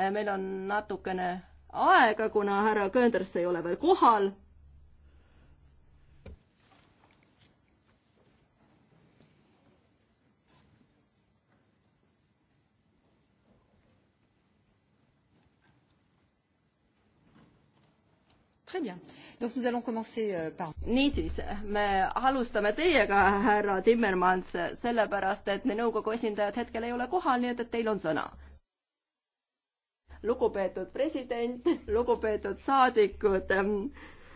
Eh, meil on natukene aega, kuna härra Könders ei ole veel kohal. Euh, niisiis, me alustame teiega, härra Timmermans, sellepärast et nõukogu esindajad hetkel ei ole kohal, nii et, et teil on sõna lugupeetud president, lugupeetud saadikud. Ehm,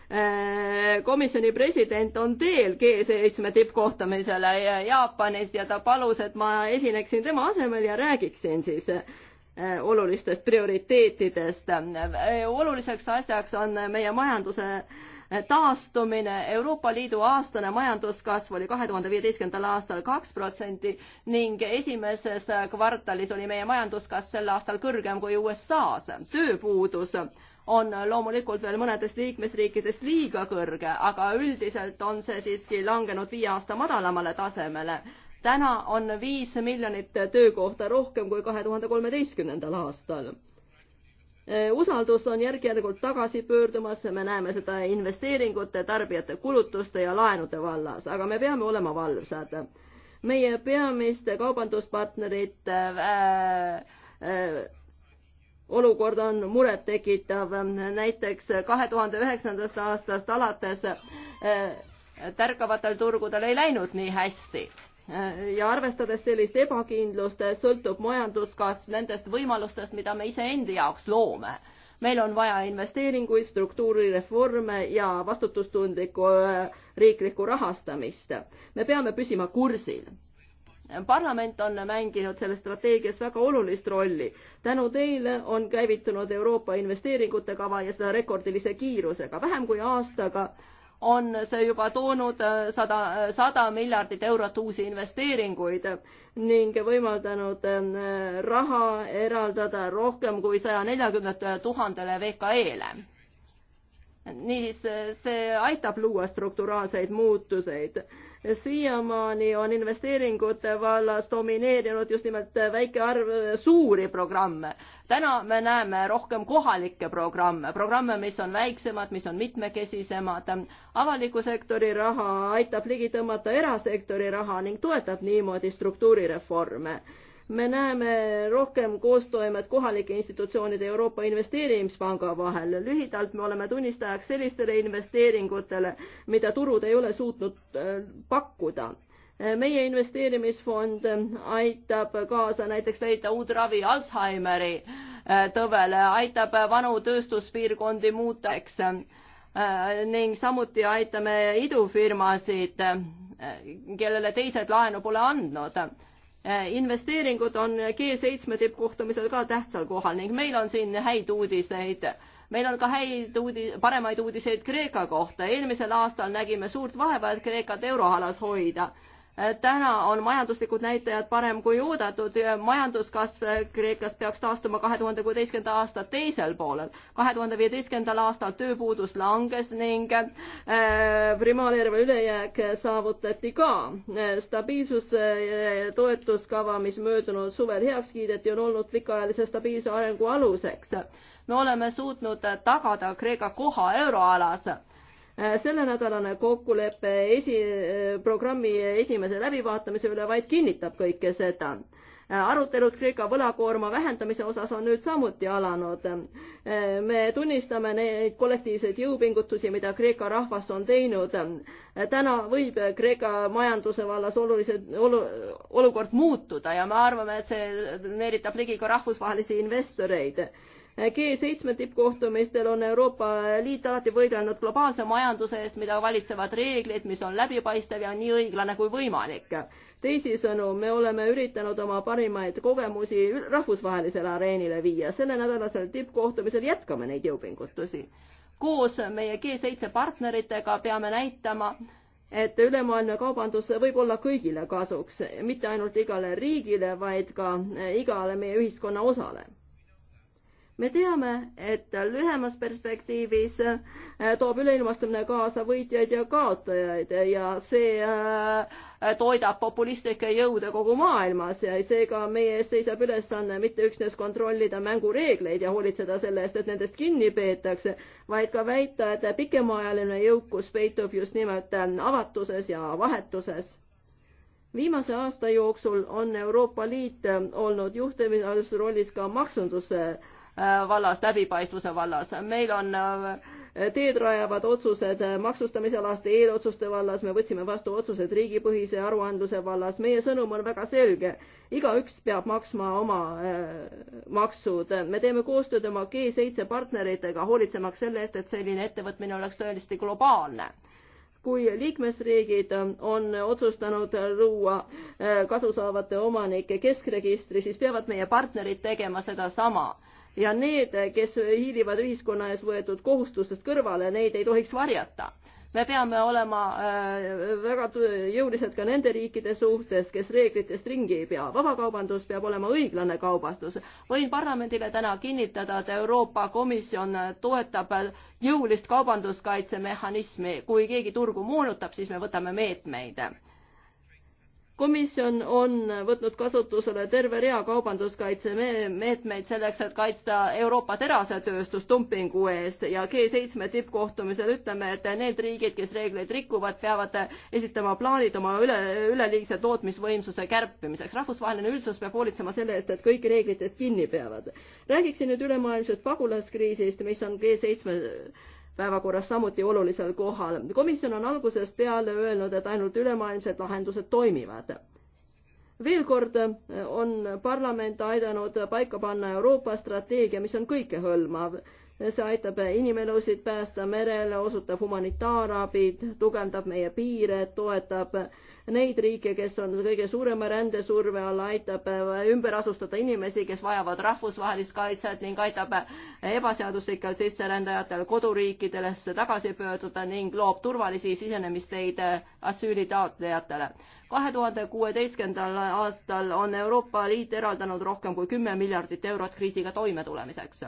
eh, komisjoni president on teel G7 tippkohtumisele Jaapanis ja ta palus, et ma esineksin tema asemel ja räägiksin siis eh, olulistest prioriteetidest. Eh, oluliseks asjaks on meie majanduse taastumine, Euroopa Liidu aastane majanduskasv oli kahe tuhande viieteistkümnendal aastal kaks protsenti ning esimeses kvartalis oli meie majanduskasv sel aastal kõrgem kui USA-s. tööpuudus on loomulikult veel mõnedes liikmesriikides liiga kõrge, aga üldiselt on see siiski langenud viie aasta madalamale tasemele. täna on viis miljonit töökohta rohkem kui kahe tuhande kolmeteistkümnendal aastal Äh, usaldus on järk-järgult tagasi pöördumas, me näeme seda investeeringute, tarbijate kulutuste ja laenude vallas, aga me peame olema valvsad. meie peamiste kaubanduspartnerite äh, äh, olukord on murettekitav, näiteks kahe tuhande üheksandast aastast alates äh, tärkavatel turgudel ei läinud nii hästi Äh, ja arvestades sellist ebakindlust, sõltub majanduskasv nendest võimalustest, mida me iseendi jaoks loome. meil on vaja investeeringuid, struktuurireforme ja vastutustundlikku äh, riiklikku rahastamist. me peame püsima kursil parlament on mänginud selles strateegias väga olulist rolli. tänu teile on käivitunud Euroopa investeeringute kava ja seda rekordilise kiirusega. vähem kui aastaga on see juba toonud äh, sada, äh, sada miljardit eurot uusi investeeringuid ning võimaldanud ähm, raha eraldada rohkem kui saja neljakümne tuhandele VKE-le. niisiis, äh, see aitab luua strukturaalseid muutuseid siiamaani on investeeringute vallas domineerinud just nimelt väike arv suuri programme. täna me näeme rohkem kohalikke programme, programme, mis on väiksemad, mis on mitmekesisemad. avaliku sektori raha aitab ligi tõmmata erasektori raha ning toetab niimoodi struktuurireforme me näeme rohkem koostoimet kohalike institutsioonide Euroopa Investeerimispanga vahel. lühidalt me oleme tunnistajaks sellistele investeeringutele, mida turud ei ole suutnud äh, pakkuda. Äh, meie investeerimisfond äh, aitab kaasa näiteks leida uut ravi Alžeimeri tõvele, aitab vanu tööstuspiirkondi muuta, eks, ning samuti aitame idufirmasid, kellele teised laenu pole andnud Äh, investeeringud on G7 tippkohtumisel ka tähtsal kohal ning meil on siin häid uudiseid. meil on ka häid uudi-, paremaid uudiseid Kreeka kohta. eelmisel aastal nägime suurt vaeva, et Kreekat euroalas hoida täna on majanduslikud näitajad parem kui oodatud, majanduskasv Kreekas peaks taastuma kahe tuhande kuueteistkümnenda aasta teisel poolel. kahe tuhande viieteistkümnendal aastal tööpuudus langes ning äh, primaareerve ülejääk saavutati ka. stabiilsustoetuskava, mis möödunud suvel heaks kiideti, on olnud pikaajalise stabiilse arengu aluseks. me oleme suutnud tagada Kreeka koha euroalas Äh, sellenädalane kokkulepe esi, äh, programmi esimese läbivaatamise üle vaid kinnitab kõike seda. Äh, arutelud Kreeka võlakoorma vähendamise osas on nüüd samuti alanud. me tunnistame neid kollektiivseid jõupingutusi, mida Kreeka rahvas on teinud. täna võib Kreeka majanduse vallas oluliselt olu,, olukord muutuda ja me arvame, et see neeritab ligi ka rahvusvahelisi investoreid G7 tippkohtumistel on Euroopa Liit alati võidelnud globaalse majanduse eest, mida valitsevad reeglid, mis on läbipaistev ja nii õiglane kui võimalik. teisisõnu, me oleme üritanud oma parimaid kogemusi rahvusvahelisele areenile viia. sellenädalasel tippkohtumisel jätkame neid jõupingutusi. koos meie G7 partneritega peame näitama, et ülemaailmne kaubandus võib olla kõigile kasuks, mitte ainult igale riigile, vaid ka igale meie ühiskonna osale me teame, et lühemas perspektiivis äh, toob üleilmastumine kaasa võitjaid ja kaotajaid ja see äh, toidab populistlikke jõude kogu maailmas ja seega meie ees seisab ülesanne mitte üksnes kontrollida mängureegleid ja hoolitseda selle eest, et nendest kinni peetakse, vaid ka väita, et pikemaajaline jõukus peitub just nimelt äh, avatuses ja vahetuses viimase aasta jooksul on Euroopa Liit olnud juhtimisrollis ka maksunduse Äh, vallas, läbipaistvuse vallas. meil on äh, teed rajavad otsused äh, maksustamisalaste eelotsuste vallas, me võtsime vastu otsused riigipõhise aruandluse vallas, meie sõnum on väga selge. igaüks peab maksma oma maksud, me teeme koostööd oma G7 partneritega, hoolitsemaks selle eest, et selline ettevõtmine oleks tõesti globaalne kui liikmesriigid on otsustanud luua kasu saavate omanike keskregistri, siis peavad meie partnerid tegema sedasama ja need, kes hiilivad ühiskonna ees võetud kohustustest kõrvale, neid ei tohiks varjata me peame olema äh, väga jõulised ka nende riikide suhtes, kes reeglitest ringi ei pea. vabakaubandus peab olema õiglane kaubandus. võin parlamendile täna kinnitada, et Euroopa Komisjon toetab jõulist kaubanduskaitsemehhanismi. kui keegi turgu moonutab, siis me võtame meetmeid komisjon on võtnud kasutusele terve rea kaubanduskaitsemeetmeid selleks, et kaitsta Euroopa terasetööstust dumpingu eest ja G7 tippkohtumisel ütleme, et need riigid, kes reegleid rikuvad, peavad esitama plaanid oma üle, üleliigse tootmisvõimsuse kärpimiseks. rahvusvaheline üldsus peab hoolitsema selle eest, et kõik reeglitest kinni peavad. räägiksin nüüd ülemaailmsest pagulaskriisist, mis on G7 päevakorras samuti olulisel kohal. komisjon on algusest peale öelnud, et ainult ülemaailmsed lahendused toimivad veel kord eh, on parlament aidanud paika panna Euroopa strateegia, mis on kõikehõlmav. see aitab inimelusid päästa merel, osutab humanitaarabi, tugevdab meie piire, toetab äh, neid riike, kes on kõige suurema rändesurve all, aitab äh, ümber asustada inimesi, kes vajavad rahvusvahelist kaitset ning aitab äh, ebaseaduslikel sisserändajatel koduriikidesse tagasi pöörduda ning loob turvalisi sisenemisteid äh, asüülitaotlejatele. kahe tuhande kuueteistkümnendal aastal on Euroopa Liit eraldanud rohkem kui kümme miljardit eurot kriisiga toimetulemiseks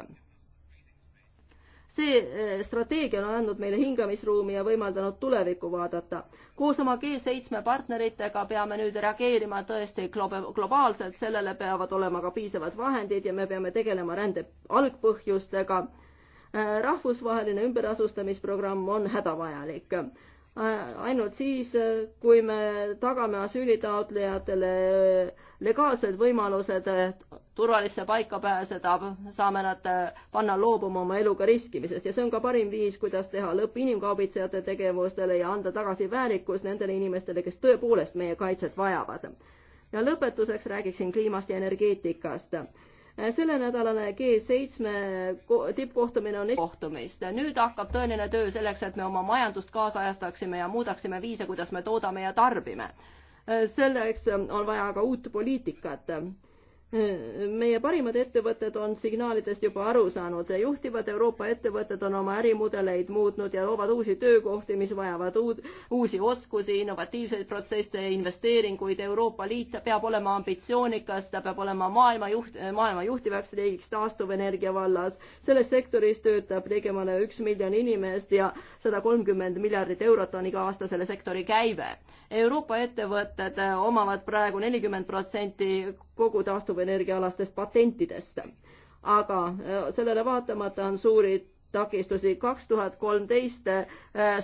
see eh, strateegia on andnud meile hingamisruumi ja võimaldanud tulevikku vaadata. koos oma G7 partneritega peame nüüd reageerima tõesti globaalselt, sellele peavad olema ka piisavad vahendid ja me peame tegelema rände algpõhjustega. Eh, rahvusvaheline ümberasustamisprogramm on hädavajalik eh, ainult siis, kui me tagame asüülitaotlejatele legaalsed võimalused turvalisse paika pääseda, saame nad äh, panna loobuma oma eluga riskimisest ja see on ka parim viis, kuidas teha lõpp inimkaubitsejate tegevustele ja anda tagasi väärikus nendele inimestele, kes tõepoolest meie kaitset vajavad. ja lõpetuseks räägiksin kliimast ja energeetikast äh, sellenädalane G7 tippkohtumine on kohtumist. nüüd hakkab tõeline töö selleks, et me oma majandust kaasajastaksime ja muudaksime viise, kuidas me toodame ja tarbime. Äh, selleks on vaja ka uut poliitikat meie parimad ettevõtted on signaalidest juba aru saanud, juhtivad Euroopa ettevõtted on oma ärimudeleid muutnud ja loovad uusi töökohti, mis vajavad uud, uusi oskusi, innovatiivseid protsesse ja investeeringuid. Euroopa Liit peab olema ambitsioonikas, ta peab olema maailma juht, maailma juhtivaks riigiks taastuvenergia vallas. selles sektoris töötab ligemale üks miljon inimest ja sada kolmkümmend miljardit eurot on iga aasta selle sektori käive. Euroopa ettevõtted omavad praegu nelikümmend protsenti kogu taastuvenergiaalastest patentidest. aga äh, sellele vaatamata on suuri takistusi. kaks tuhat kolmteist äh,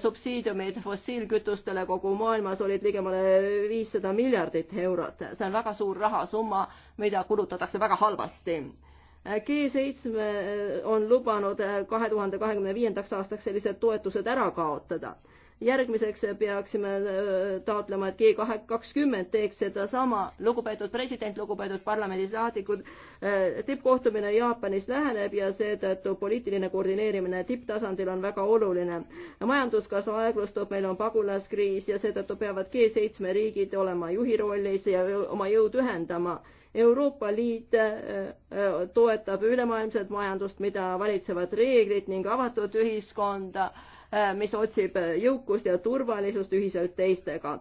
subsiidiumid fossiilkütustele kogu maailmas olid ligemale viissada miljardit eurot. see on väga suur rahasumma, mida kulutatakse väga halvasti äh, G7 on lubanud kahe tuhande kahekümne viiendaks aastaks sellised toetused ära kaotada järgmiseks peaksime äh, taotlema, et G kakskümmend teeks sedasama. lugupeetud president, lugupeetud parlamendisaadikud, äh, tippkohtumine Jaapanis läheneb ja seetõttu poliitiline koordineerimine tipptasandil on väga oluline. majanduskasv aeglustub, meil on pagulaskriis ja seetõttu peavad G7 riigid olema juhi rollis ja oma jõud ühendama Euroopa Liit äh, toetab ülemaailmset majandust, mida valitsevad reeglid ning avatud ühiskonda Äh, mis otsib äh, jõukust ja turvalisust ühiselt teistega.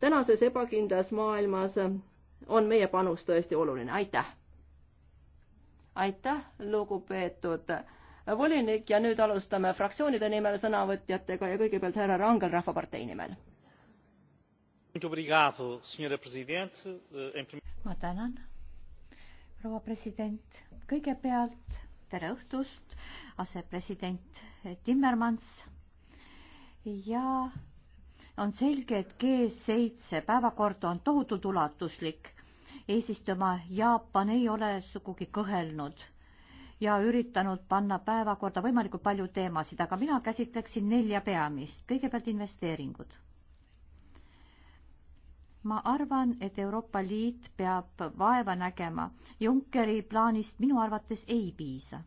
tänases ebakindlas maailmas äh, on meie panus tõesti oluline, aitäh! aitäh, lugupeetud volinik ja nüüd alustame fraktsioonide nimel sõnavõtjatega ja kõigepealt härra Rangel Rahvapartei nimel. ma tänan, proua president. kõigepealt tere õhtust, asepresident Timmermans ja on selge, et G7 päevakord on tohutult ulatuslik. eesistuma Jaapan ei ole sugugi kõhelnud ja üritanud panna päevakorda võimalikult palju teemasid, aga mina käsitleksin nelja peamist. kõigepealt investeeringud. ma arvan, et Euroopa Liit peab vaeva nägema. Junckeri plaanist minu arvates ei piisa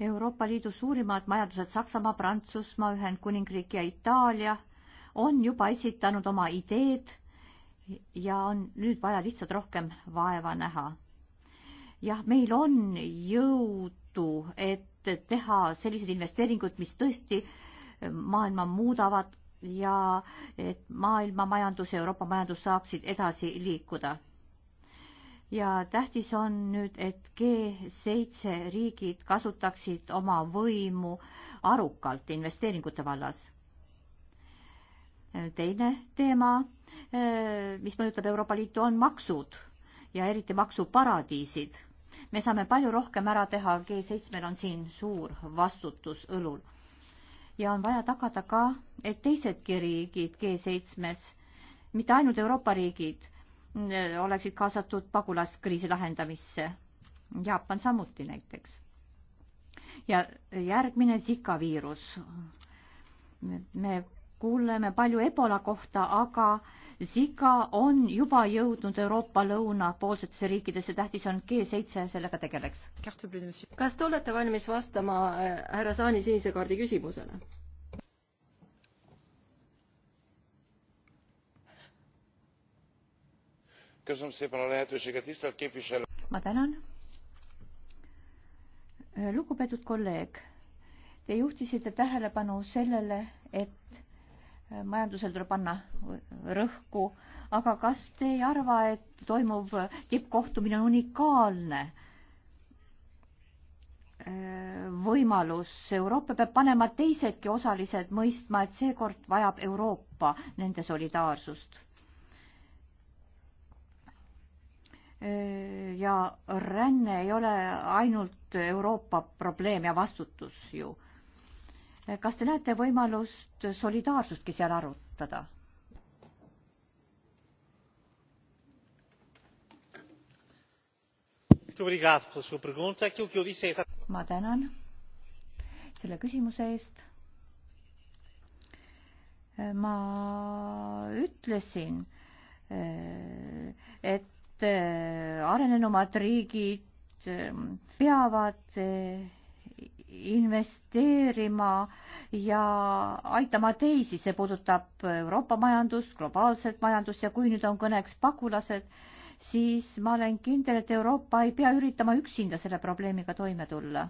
Euroopa Liidu suurimad majandused Saksamaa, Prantsusmaa, Ühendkuningriik ja Itaalia on juba esitanud oma ideed ja on nüüd vaja lihtsalt rohkem vaeva näha. jah, meil on jõudu, et teha sellised investeeringud, mis tõesti maailma muudavad ja et maailma majandus ja Euroopa majandus saaksid edasi liikuda ja tähtis on nüüd, et G7 riigid kasutaksid oma võimu arukalt investeeringute vallas. teine teema, mis mõjutab Euroopa Liitu, on maksud ja eriti maksuparadiisid. me saame palju rohkem ära teha, G7-l on siin suur vastutus õlul. ja on vaja tagada ka, et teisedki riigid G7-s, mitte ainult Euroopa riigid Äh, oleksid kaasatud pagulaskriisi lahendamisse. Jaapan samuti näiteks. ja järgmine Zika viirus. me kuuleme palju Ebola kohta, aga Zika on juba jõudnud Euroopa lõunapoolsetesse riikidesse, tähtis on G7 sellega tegeleks. kas te olete valmis vastama äh, härra Saani sinise kaardi küsimusele? ma tänan. lugupeetud kolleeg, te juhtisite tähelepanu sellele, et majandusel tuleb panna rõhku, aga kas te ei arva, et toimuv tippkohtumine on unikaalne võimalus? Euroopa peab panema teisedki osalised mõistma, et seekord vajab Euroopa nende solidaarsust Äh, ja ränne ei ole ainult Euroopa probleem ja vastutus ju. Äh, kas te näete võimalust solidaarsustki seal arutada? ma tänan selle küsimuse eest. Äh, ma ütlesin, et et äh, arenenumad riigid ähm, peavad äh, investeerima ja aitama teisi, see puudutab Euroopa majandust, globaalset majandust ja kui nüüd on kõneks pagulased, siis ma olen kindel, et Euroopa ei pea üritama üksinda selle probleemiga toime tulla.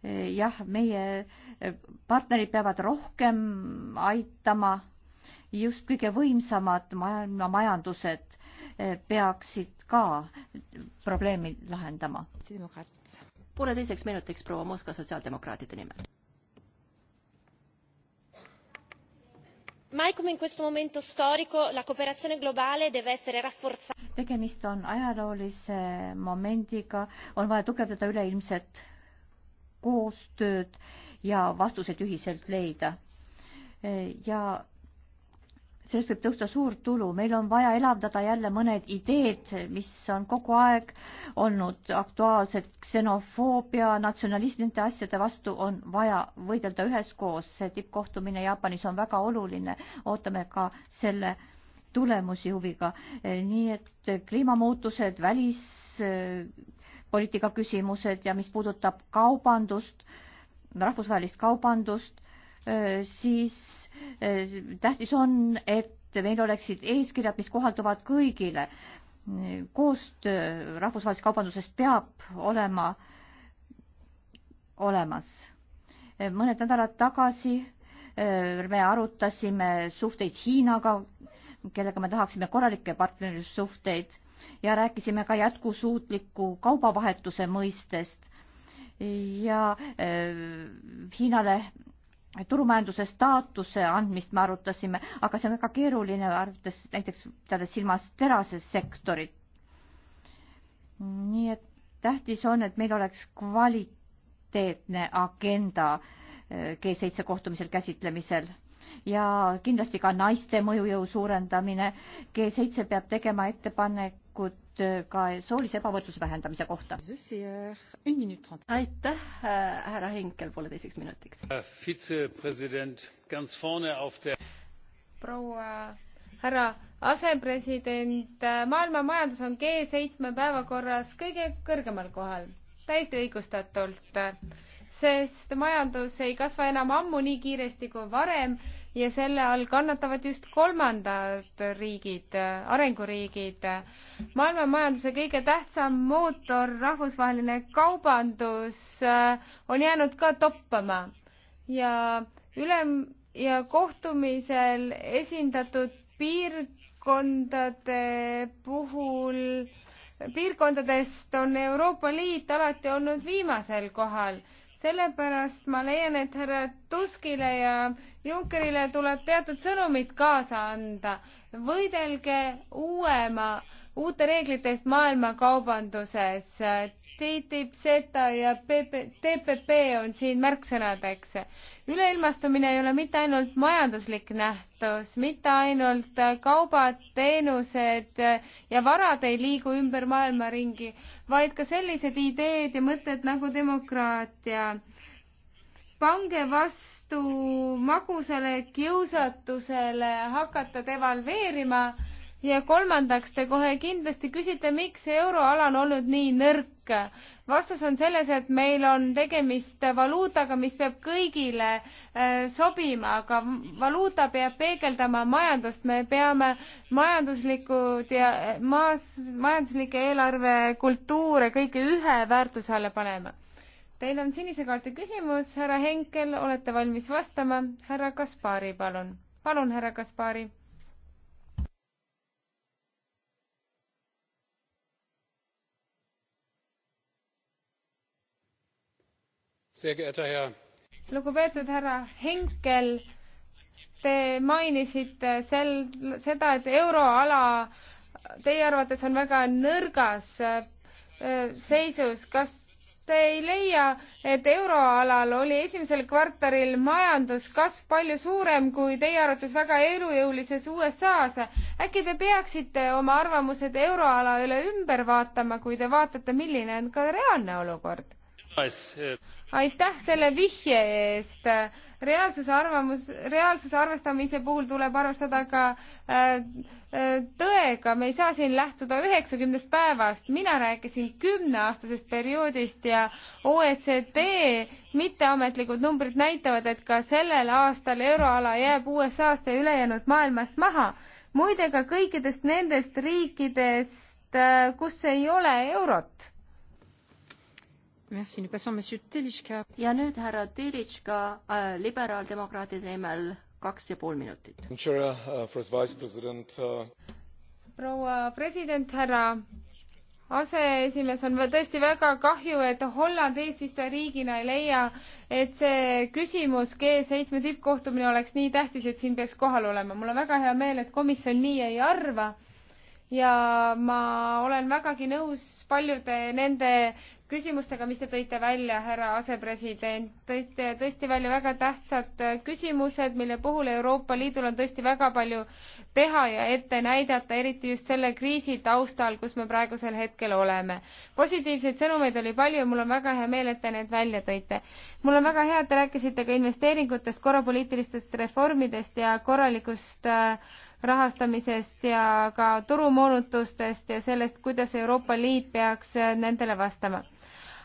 Äh, jah, meie partnerid peavad rohkem aitama just kõige võimsamad maailma majandused Eh, peaksid ka probleemi lahendama. pooleteiseks minutiks proua Moskva sotsiaaldemokraatide nimel. mai come in questo momento storico la cooperazione globale deve essere rafforzata. tegemist on ajaloolise momendiga, on vaja tugevdada üleilmset koostööd ja vastuseid ühiselt leida. Eh, ja sellest võib tõusta suur tulu, meil on vaja elavdada jälle mõned ideed, mis on kogu aeg olnud aktuaalsed, ksenofoobia, natsionalism, nende asjade vastu on vaja võidelda üheskoos, see tippkohtumine Jaapanis on väga oluline, ootame ka selle tulemusi huviga, nii et kliimamuutused, välispoliitika küsimused ja mis puudutab kaubandust, rahvusvahelist kaubandust, siis Äh, tähtis on, et meil oleksid eeskirjad, mis kohalduvad kõigile. koostöö rahvusvahelises kaubanduses peab olema olemas. Äh, mõned nädalad tagasi äh, me arutasime suhteid Hiinaga, kellega me tahaksime korralikke partnerlussuhteid ja rääkisime ka jätkusuutliku kaubavahetuse mõistest ja Hiinale turumajanduse staatuse andmist me arutasime, aga see on väga keeruline, arvates näiteks pidades silmas terasesektorit. nii et tähtis on, et meil oleks kvaliteetne agenda eh, G7 kohtumisel käsitlemisel ja kindlasti ka naiste mõjujõu suurendamine. G7 peab tegema ettepanekud ka soolise ebavõrdsuse vähendamise kohta. aitäh, härra Henkel pooleteiseks minutiks. Äh, proua härra asepresident, maailma majandus on G7 päevakorras kõige kõrgemal kohal, täiesti õigustatult sest majandus ei kasva enam ammu nii kiiresti kui varem ja selle all kannatavad just kolmandad riigid, arenguriigid. maailma majanduse kõige tähtsam mootor, rahvusvaheline kaubandus on jäänud ka toppama ja ülem ja kohtumisel esindatud piirkondade puhul piirkondadest on Euroopa Liit alati olnud viimasel kohal sellepärast ma leian, et härra Tuskile ja Junckerile tuleb teatud sõnumid kaasa anda. võidelge uuema, uute reeglite eest maailmakaubanduses. TTIP, SETA ja PP, TPP on siin märksõnadeks. üleilmastumine ei ole mitte ainult majanduslik nähtus, mitte ainult kaubad, teenused ja varad ei liigu ümber maailma ringi vaid ka sellised ideed ja mõtted nagu demokraatia. pange vastu magusale kiusatusele hakata devalveerima ja kolmandaks, te kohe kindlasti küsite, miks euroala on olnud nii nõrk. vastus on selles, et meil on tegemist valuutaga, mis peab kõigile äh, sobima, aga valuuta peab peegeldama majandust, me peame majanduslikud ja maas, majanduslikke eelarvekultuure kõike ühe väärtuse alla panema. Teil on sinise kaardi küsimus, härra Henkel, olete valmis vastama? härra Kaspari, palun. palun, härra Kaspari lugupeetud härra Henkel, te mainisite sel, seda, et euroala teie arvates on väga nõrgas äh, seisus. kas te ei leia, et euroalal oli esimesel kvartalil majanduskasv palju suurem kui teie arvates väga elujõulises USA-s. äkki te peaksite oma arvamused euroala üle ümber vaatama, kui te vaatate, milline on ka reaalne olukord? aitäh selle vihje eest. reaalsuse arvamus, reaalsuse arvestamise puhul tuleb arvestada ka äh, äh, tõega, me ei saa siin lähtuda üheksakümnest päevast, mina rääkisin kümneaastasest perioodist ja OECD mitteametlikud numbrid näitavad, et ka sellel aastal euroala jääb USA-st ja ülejäänud maailmast maha. muide, ka kõikidest nendest riikidest, äh, kus ei ole eurot ja nüüd härra Telitška äh, liberaaldemokraatide nimel kaks ja pool minutit. Uh, uh, proua president, härra aseesimees, on tõesti väga kahju, et Holland eesistujariigina ei leia, et see küsimus G7 tippkohtumine oleks nii tähtis, et siin peaks kohal olema. mul on väga hea meel, et komisjon nii ei arva ja ma olen vägagi nõus paljude nende küsimustega, mis te tõite välja, härra asepresident, tõite tõesti välja väga tähtsad äh, küsimused, mille puhul Euroopa Liidul on tõesti väga palju teha ja ette näidata, eriti just selle kriisi taustal, kus me praegusel hetkel oleme. positiivseid sõnumeid oli palju ja mul on väga hea meel, et te need välja tõite. mul on väga hea, et te rääkisite ka investeeringutest, korrapoliitilistest reformidest ja korralikust äh, rahastamisest ja ka turumoonutustest ja sellest, kuidas Euroopa Liit peaks äh, nendele vastama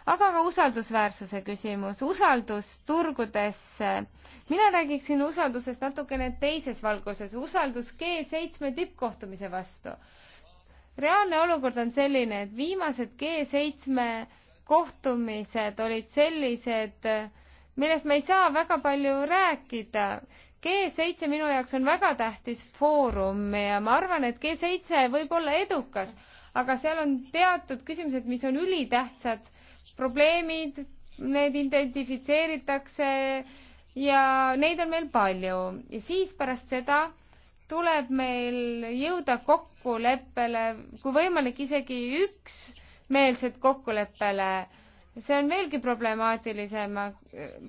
aga ka usaldusväärsuse küsimus, usaldus turgudesse. mina räägiksin usaldusest natukene teises valguses, usaldus G7 tippkohtumise vastu. reaalne olukord on selline, et viimased G7 kohtumised olid sellised, millest me ei saa väga palju rääkida. G7 minu jaoks on väga tähtis foorum ja ma arvan, et G7 võib olla edukas, aga seal on teatud küsimused, mis on ülitähtsad probleemid, need identifitseeritakse ja neid on meil palju ja siis pärast seda tuleb meil jõuda kokkuleppele, kui võimalik, isegi üksmeelset kokkuleppele. see on veelgi problemaatilisem,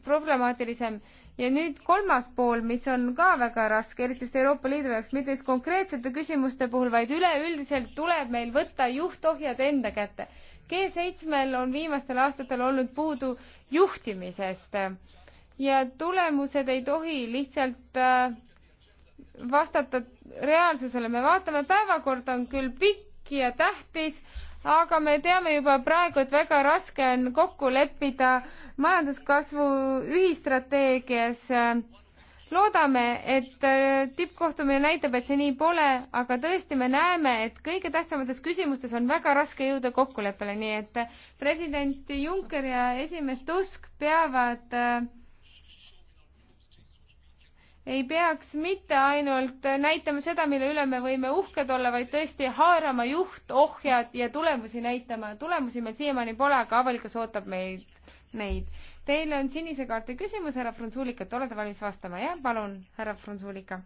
problemaatilisem ja nüüd kolmas pool, mis on ka väga raske, eriti just Euroopa Liidu jaoks, mitte siis konkreetsete küsimuste puhul, vaid üleüldiselt tuleb meil võtta juhtohjad enda kätte G7-l on viimastel aastatel olnud puudu juhtimisest ja tulemused ei tohi lihtsalt äh, vastata reaalsusele. me vaatame, päevakord on küll pikk ja tähtis, aga me teame juba praegu, et väga raske on kokku leppida majanduskasvu ühistrateegias äh, loodame, et äh, tippkohtumine näitab, et see nii pole, aga tõesti me näeme, et kõige tähtsamates küsimustes on väga raske jõuda kokkuleppele, nii et äh, president Juncker ja esimees Tusk peavad äh, ei peaks mitte ainult näitama seda, mille üle me võime uhked olla, vaid tõesti haarama juht, ohjad ja tulemusi näitama. tulemusi meil siiamaani pole, aga avalikkus ootab meid, neid Teil on sinise kaardi küsimus, härra Frunzulika, et olete valmis vastama, jah, palun, härra Frunzulika.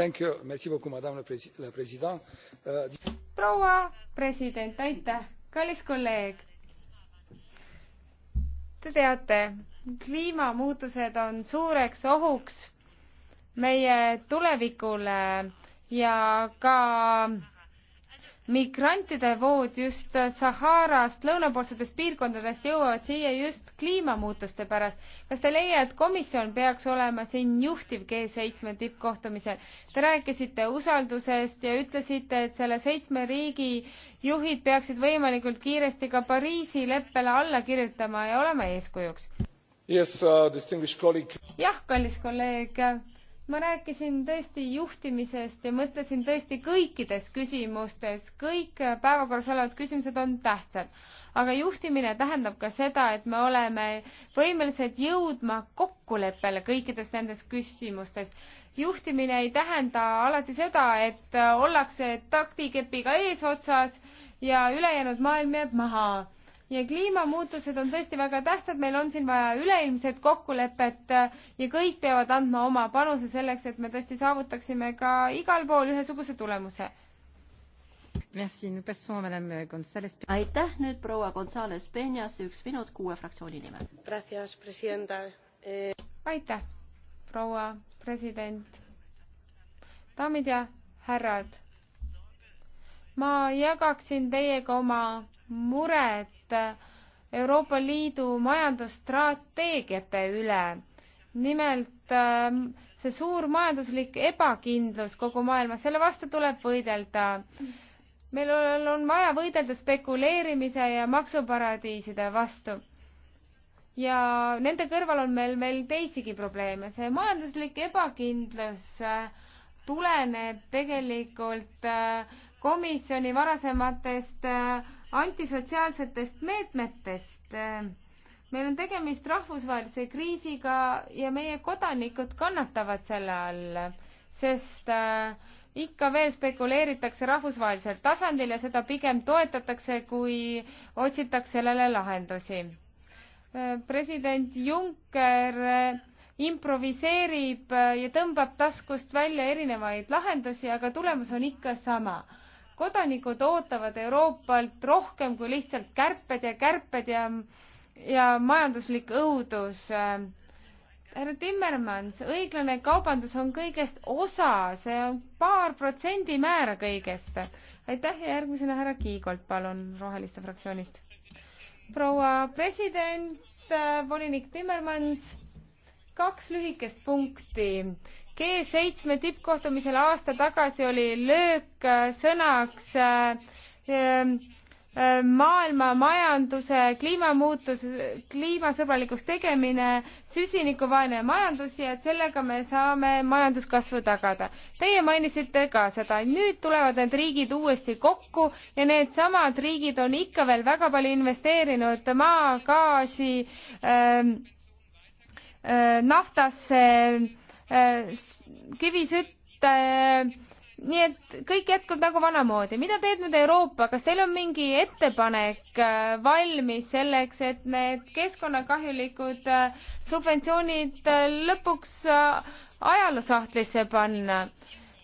Uh, proua president, aitäh, kallis kolleeg. Te teate, kliimamuutused on suureks ohuks meie tulevikule ja ka migrantide vood just Saharast, lõunapoolsetest piirkondadest jõuavad siia just kliimamuutuste pärast. kas te leia, et komisjon peaks olema siin juhtiv G7 tippkohtumisel? Te rääkisite usaldusest ja ütlesite, et selle seitsme riigi juhid peaksid võimalikult kiiresti ka Pariisi leppele alla kirjutama ja olema eeskujuks. Uh, jah, kallis kolleeg ma rääkisin tõesti juhtimisest ja mõtlesin tõesti kõikides küsimustes, kõik päevakorras olevad küsimused on tähtsad. aga juhtimine tähendab ka seda, et me oleme võimelised jõudma kokkuleppele kõikides nendes küsimustes. juhtimine ei tähenda alati seda, et ollakse taktikepiga eesotsas ja ülejäänud maailm jääb maha ja kliimamuutused on tõesti väga tähtsad, meil on siin vaja üleilmset kokkulepet äh, ja kõik peavad andma oma panuse selleks, et me tõesti saavutaksime ka igal pool ühesuguse tulemuse. aitäh, nüüd proua Gonzalez Peñas, üks minut kuue fraktsiooni nimel. Eh, aitäh, proua president. daamid ja härrad, ma jagaksin teiega oma mured Äh, Euroopa Liidu majandusstrateegiate üle. nimelt ähm, see suur majanduslik ebakindlus kogu maailmas, selle vastu tuleb võidelda meil on vaja võidelda spekuleerimise ja maksuparadiiside vastu. ja nende kõrval on meil veel teisigi probleeme. see majanduslik ebakindlus äh, tuleneb tegelikult äh, komisjoni varasematest antisotsiaalsetest meetmetest. meil on tegemist rahvusvahelise kriisiga ja meie kodanikud kannatavad selle all, sest äh, ikka veel spekuleeritakse rahvusvahelisel tasandil ja seda pigem toetatakse, kui otsitakse sellele lahendusi. Äh, president Juncker äh, improviseerib ja tõmbab taskust välja erinevaid lahendusi, aga tulemus on ikka sama kodanikud ootavad Euroopalt rohkem kui lihtsalt kärped ja kärped ja, ja majanduslik õudus. härra Timmermans, õiglane kaubandus on kõigest osa, see on paar protsendi määra kõigest. aitäh ja järgmisena härra Kiigolt, palun, Roheliste fraktsioonist. proua president, volinik Timmermans, kaks lühikest punkti G7 tippkohtumisel aasta tagasi oli löök äh, sõnaks äh, ähm, äh, maailma majanduse kliimamuutus, kliimasõbralikuks tegemine, süsinikuvaene majandus ja et sellega me saame majanduskasvu tagada. Teie mainisite ka seda, nüüd tulevad need riigid uuesti kokku ja needsamad riigid on ikka veel väga palju investeerinud maagaasi, ähm, naftasse Äh, kivisütte, äh, nii et kõik jätkub nagu vanamoodi. mida teeb nüüd Euroopa, kas teil on mingi ettepanek äh, valmis selleks, et need keskkonnakahjulikud subventsioonid lõpuks ajaloosahtlisse panna?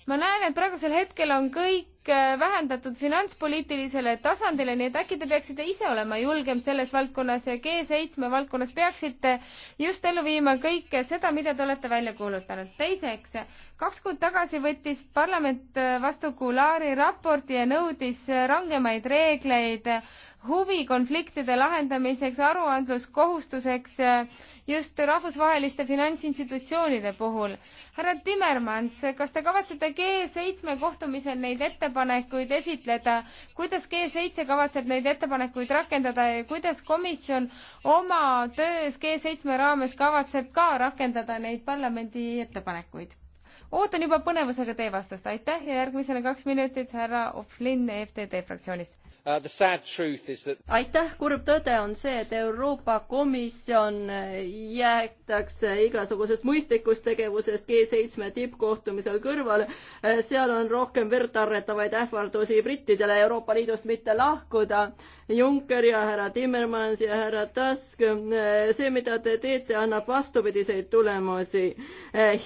ma näen, et praegusel hetkel on kõik Äh, vähendatud finantspoliitilisele tasandile, nii et äkki te peaksite ise olema julgem selles valdkonnas ja G7 valdkonnas peaksite just ellu viima kõike seda, mida te olete välja kuulutanud. teiseks, kaks kuud tagasi võttis parlament äh, vastu Goulari raporti ja nõudis äh, rangemaid reegleid huvikonfliktide lahendamiseks aruandluskohustuseks äh, just rahvusvaheliste finantsinstitutsioonide puhul. härra Timmermans, kas te kavatsete G7 kohtumisel neid ettepanekuid esitleda, kuidas G7 kavatseb neid ettepanekuid rakendada ja kuidas komisjon oma töös G7 raames kavatseb ka rakendada neid parlamendi ettepanekuid? ootan juba põnevusega teie vastust, aitäh ja järgmisena kaks minutit härra Oflin EFTD fraktsioonist Uh, aitäh, kurb tõde on see, et Euroopa Komisjon äh, jäetakse igasugusest mõistlikust tegevusest G7 tippkohtumisel kõrvale. Äh, seal on rohkem verdarretavaid ähvardusi brittidele Euroopa Liidust mitte lahkuda Juncker ja härra Timmermans ja härra Tusk, see, mida te teete, annab vastupidiseid tulemusi.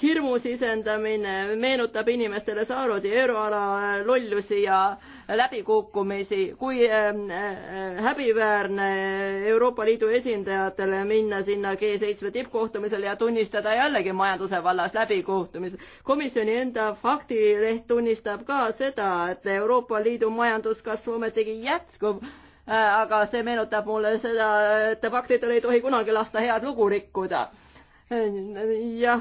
hirmu sisendamine meenutab inimestele Saarodi euroala lollusi ja läbikukkumisi, kui äh, äh, häbiväärne Euroopa Liidu esindajatele minna sinna G7 tippkohtumisele ja tunnistada jällegi majanduse vallas läbikuhtumist. komisjoni enda faktileht tunnistab ka seda, et Euroopa Liidu majanduskasv ometigi jätkub Äh, aga see meenutab mulle seda, et bakteritel ei tohi kunagi lasta head lugu rikkuda. jah,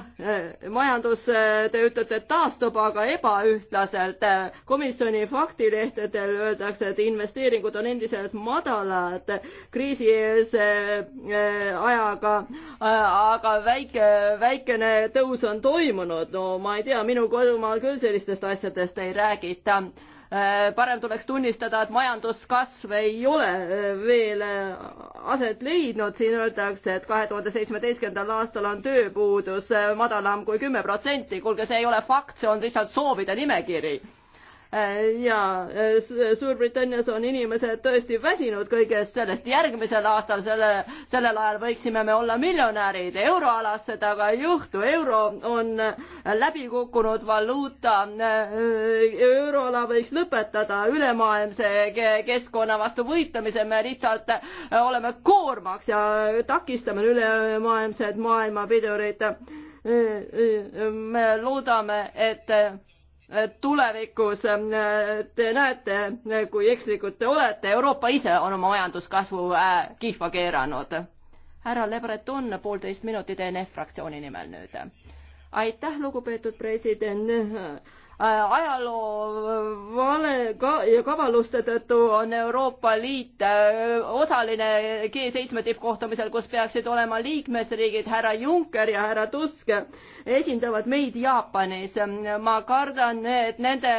majandus, äh, te ütlete, taastub, aga ebaühtlaselt. Äh, komisjoni faktilehtedel öeldakse, et investeeringud on endiselt madalad kriisieelse ajaga, aga väike, väikene tõus on toimunud. no ma ei tea, minu kodumaal küll sellistest asjadest ei räägita Äh, parem tuleks tunnistada, et majanduskasv ei ole äh, veel äh, aset leidnud, siin öeldakse, et kahe tuhande seitsmeteistkümnendal aastal on tööpuudus madalam kui kümme protsenti, kuulge, see ei ole fakt, see on lihtsalt soovide nimekiri ja eh, eh, Suurbritannias on inimesed tõesti väsinud kõigest sellest. järgmisel aastal selle, sellel ajal võiksime me olla miljonärid. euroalas seda aga ei juhtu. euro on eh, läbi kukkunud valuuta. euroala võiks lõpetada ülemaailmse keskkonna vastu võitlemise. me lihtsalt oleme koormaks ja takistame ülemaailmsed maailmapidurid. me loodame, et tulevikus te näete, kui ekslikud te olete, Euroopa ise on oma majanduskasvu äh, kihva keeranud. härra Le Breton, poolteist minutit ENF fraktsiooni nimel nüüd. aitäh, lugupeetud president Äh, ajaloo äh, vale ka ja kavaluste tõttu on Euroopa Liit äh, osaline G7 tippkohtumisel, kus peaksid olema liikmesriigid härra Juncker ja härra Tusk esindavad meid Jaapanis. ma kardan, et nende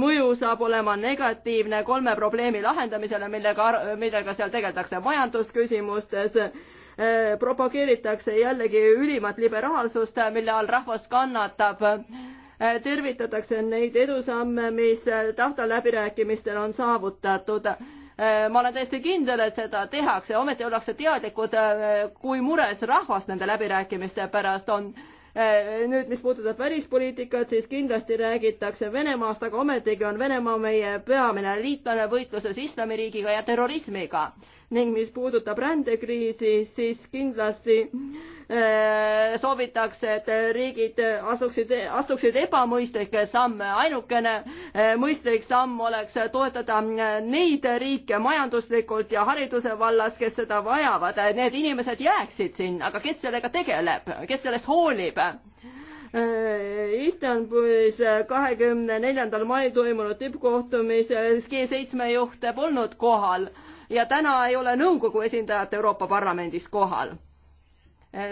mõju saab olema negatiivne kolme probleemi lahendamisele, millega, millega seal tegeldakse majandusküsimustes propageeritakse jällegi ülimat liberaalsust, mille all rahvas kannatab Äh, tervitatakse neid edusamme, mis äh, tahtaläbirääkimistel on saavutatud. Äh, ma olen täiesti kindel, et seda tehakse, ometi ollakse teadlikud, kui mures rahvas nende läbirääkimiste pärast on nüüd, mis puudutab välispoliitikat, siis kindlasti räägitakse Venemaast, aga ometigi on Venemaa meie peamine liitlane võitluses islamiriigiga ja terrorismiga ning mis puudutab rändekriisi, siis kindlasti äh, soovitakse, et riigid asuksid, astuksid ebamõistlikke samme. ainukene äh, mõistlik samm oleks toetada äh, neid riike majanduslikult ja hariduse vallas, kes seda vajavad. Need inimesed jääksid sinna, aga kes sellega tegeleb, kes sellest hoolib? Istanbulis kahekümne neljandal mail toimunud tippkohtumisel G7 juht polnud kohal ja täna ei ole nõukogu esindajat Euroopa Parlamendis kohal.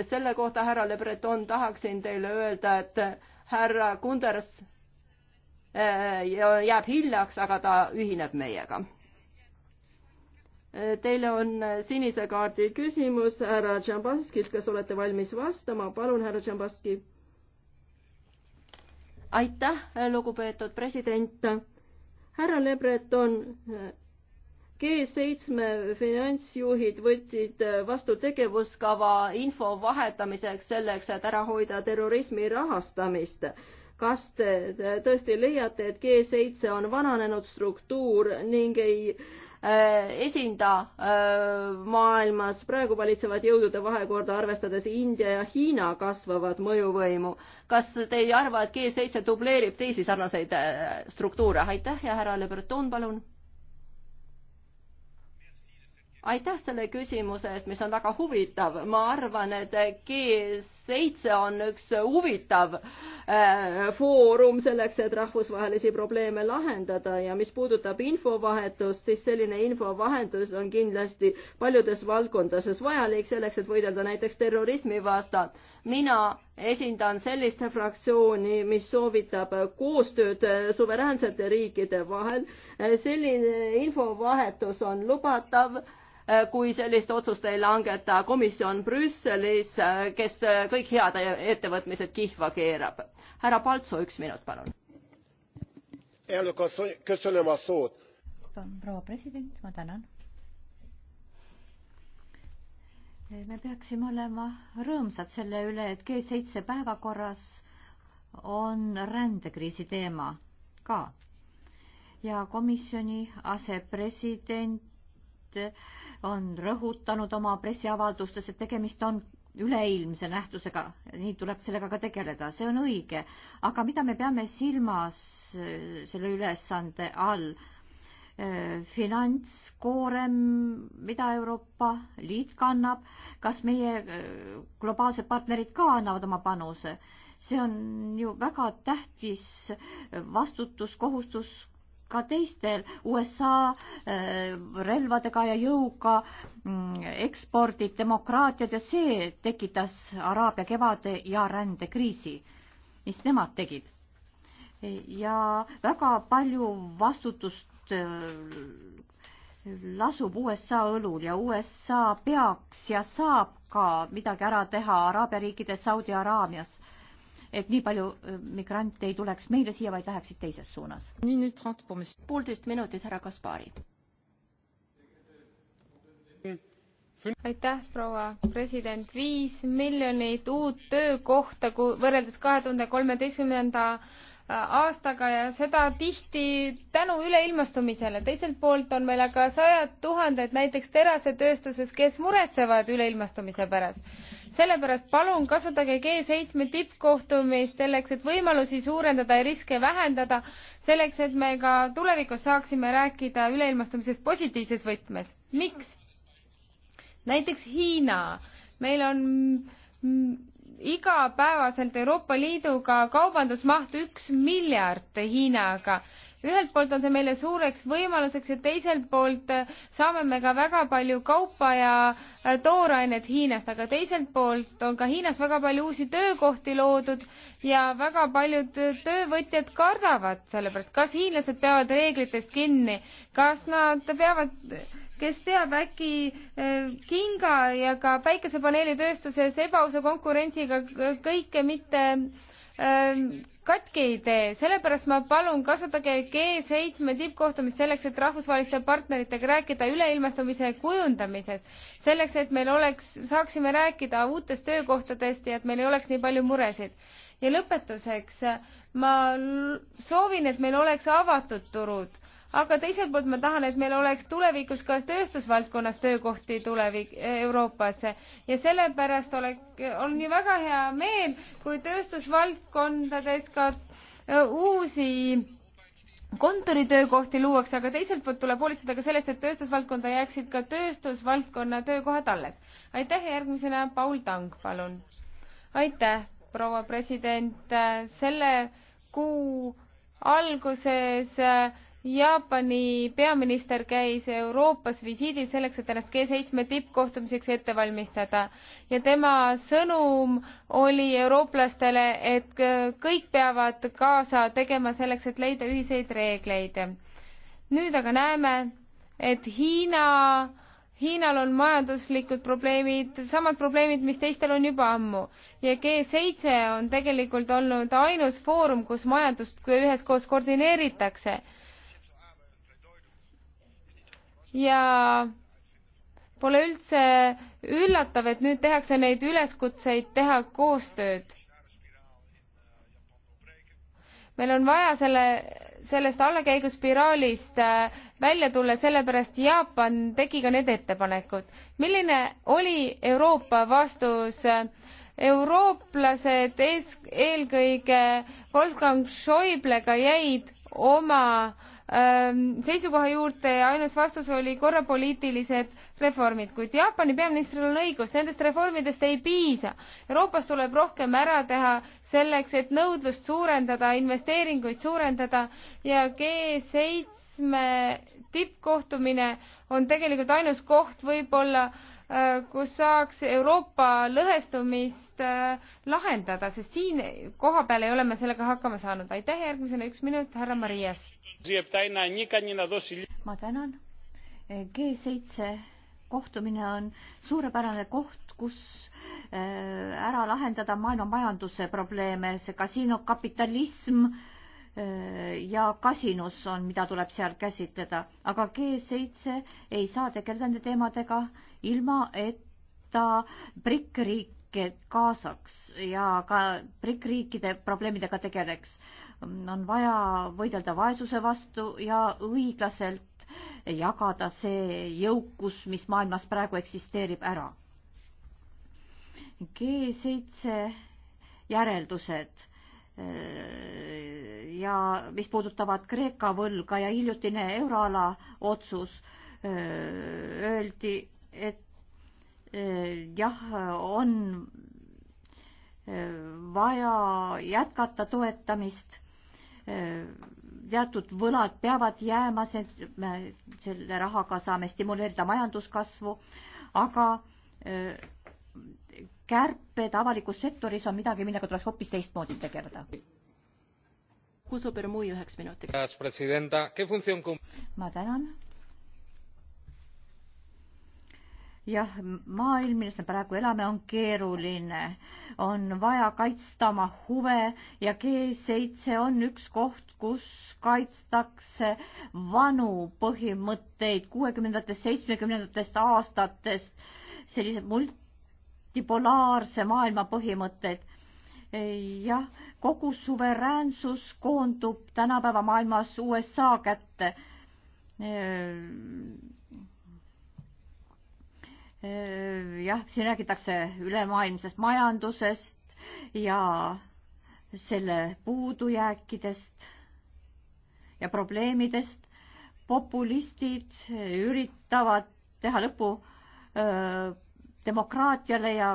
selle kohta, härra Le Breton, tahaksin teile öelda, et härra Kunders eh, jääb hiljaks, aga ta ühineb meiega. Eh, teile on sinise kaardi küsimus härra Džambaskilt, kas olete valmis vastama, palun, härra Džambaski. aitäh, lugupeetud president. härra Lebreton, eh, G7 finantsjuhid võtsid äh, vastu tegevuskava info vahetamiseks selleks, et ära hoida terrorismi rahastamist. kas te tõesti leiate, et G7 on vananenud struktuur ning ei äh, esinda äh, maailmas praegu valitsevat jõudude vahekorda, arvestades India ja Hiina kasvavat mõjuvõimu. kas te ei arva, et G7 dubleerib teisi sarnaseid struktuure? aitäh ja härra Le Breton, palun aitäh selle küsimuse eest, mis on väga huvitav, ma arvan, et GS seitse on üks huvitav äh, foorum selleks, et rahvusvahelisi probleeme lahendada ja mis puudutab infovahetust, siis selline infovahetus on kindlasti paljudes valdkondades vajalik selleks, et võidelda näiteks terrorismi vastat. mina esindan sellist fraktsiooni, mis soovitab koostööd äh, suveräänsete riikide vahel. Äh, selline infovahetus on lubatav Äh, kui sellist otsust ei langeta komisjon Brüsselis, äh, kes äh, kõik head ettevõtmised kihva keerab. härra Paltso, üks minut, palun. proua president, ma tänan. me peaksime olema rõõmsad selle üle, et G7 päevakorras on rändekriisi teema ka ja komisjoni asepresident on rõhutanud oma pressiavaldustes, et tegemist on üleilmse nähtusega, nii tuleb sellega ka tegeleda, see on õige. aga mida me peame silmas äh, selle ülesande all? Äh, finantskoorem, mida Euroopa Liit kannab, kas meie äh, globaalsed partnerid ka annavad oma panuse? see on ju väga tähtis vastutuskohustus ka teistel USA äh, relvadega ja jõuga mm, ekspordib demokraatiat ja see tekitas Araabia kevade ja rändekriisi, mis nemad tegid. ja väga palju vastutust äh, lasub USA õlul ja USA peaks ja saab ka midagi ära teha Araabia riikides, Saudi Araabias et nii palju äh, migrante ei tuleks meile siia, vaid läheksid teises suunas. poolteist minutit, härra Kaspari. aitäh, proua president. viis miljonit uut töökohta võrreldes kahe tuhande kolmeteistkümnenda äh, aastaga ja seda tihti tänu üleilmastumisele. teiselt poolt on meil aga sajad tuhanded näiteks terasetööstuses, kes muretsevad üleilmastumise pärast sellepärast palun kasutage G7 tippkohtumist selleks, et võimalusi suurendada ja riske vähendada, selleks, et me ka tulevikus saaksime rääkida üleilmastumisest positiivses võtmes. miks? näiteks Hiina, meil on igapäevaselt Euroopa Liiduga kaubandusmaht üks miljard Hiinaga ühelt poolt on see meile suureks võimaluseks ja teiselt poolt äh, saame me ka väga palju kaupa ja äh, toorainet Hiinast, aga teiselt poolt on ka Hiinas väga palju uusi töökohti loodud ja väga paljud äh, töövõtjad kardavad selle pärast, kas hiinlased peavad reeglitest kinni, kas nad peavad kes teab, äkki kinga ja ka päikesepaneelitööstuses ebaausa konkurentsiga kõike mitte katki ei tee, sellepärast ma palun, kasutage G7 tippkohtumist selleks, et rahvusvaheliste partneritega rääkida üleilmastumise kujundamises, selleks, et meil oleks, saaksime rääkida uutest töökohtadest ja et meil ei oleks nii palju muresid. ja lõpetuseks, ma soovin, et meil oleks avatud turud aga teiselt poolt ma tahan, et meil oleks tulevikus ka tööstusvaldkonnas töökohti tulevik Euroopas ja sellepärast olek, on ju väga hea meel, kui tööstusvaldkondades ka uusi kontoritöökohti luuakse, aga teiselt poolt tuleb hoolitseda ka sellest, et tööstusvaldkonda jääksid ka tööstusvaldkonna töökohad alles. aitäh ja järgmisena Paul Tang, palun. aitäh, proua president, selle kuu alguses äh, Jaapani peaminister käis Euroopas visiidil selleks, et ennast G7 tippkohtumiseks ette valmistada ja tema sõnum oli eurooplastele, et kõik peavad kaasa tegema selleks, et leida ühiseid reegleid. nüüd aga näeme, et Hiina Hiinal on majanduslikud probleemid, samad probleemid, mis teistel on juba ammu. ja G7 on tegelikult olnud ainus foorum, kus majandust üheskoos koordineeritakse ja pole üldse üllatav, et nüüd tehakse neid üleskutseid teha koostööd. meil on vaja selle, sellest allakäiguspiraalist äh, välja tulla, sellepärast Jaapan tegi ka need ettepanekud. milline oli Euroopa vastus? eurooplased ees, eelkõige Wolfgang Schäublega jäid oma äh, Ähm, seisukoha juurde ja ainus vastus oli korra poliitilised reformid, kuid Jaapani peaministril on õigus, nendest reformidest ei piisa. Euroopas tuleb rohkem ära teha selleks, et nõudlust suurendada, investeeringuid suurendada ja G7 tippkohtumine on tegelikult ainus koht võib-olla, äh, kus saaks Euroopa lõhestumist äh, lahendada, sest siin kohapeal ei ole me sellega hakkama saanud. aitäh, järgmisena üks minut, härra Marias ma tänan. G7 kohtumine on suurepärane koht, kus äh, ära lahendada maailma majanduse probleeme, see kasiinokapitalism äh, ja kasinus on, mida tuleb seal käsitleda, aga G7 ei saa tegeleda nende teemadega ilma, et ta BRIC riike kaasaks ja ka BRIC riikide probleemidega tegeleks on vaja võidelda vaesuse vastu ja õiglaselt jagada see jõukus, mis maailmas praegu eksisteerib, ära. G7 järeldused äh, ja mis puudutavad Kreeka võlga ja hiljutine euroala otsus, äh, öeldi, et äh, jah, on vaja jätkata toetamist teatud võlad peavad jääma, see, me selle rahaga saame stimuleerida majanduskasvu, aga äh, kärped avalikus sektoris on midagi, millega tuleks hoopis teistmoodi tegeleda. kusub Ermui üheks minutiks. ma tänan jah, maailm, milles me praegu elame, on keeruline. on vaja kaitsta oma huve ja G7 on üks koht, kus kaitstakse vanu põhimõtteid kuuekümnendatest, seitsmekümnendatest aastatest, sellised multipolaarse maailma põhimõtteid. jah, kogu suveräänsus koondub tänapäeva maailmas USA kätte Äh, jah, siin räägitakse ülemaailmsest majandusest ja selle puudujääkidest ja probleemidest. populistid üritavad teha lõpu öö, äh, demokraatiale ja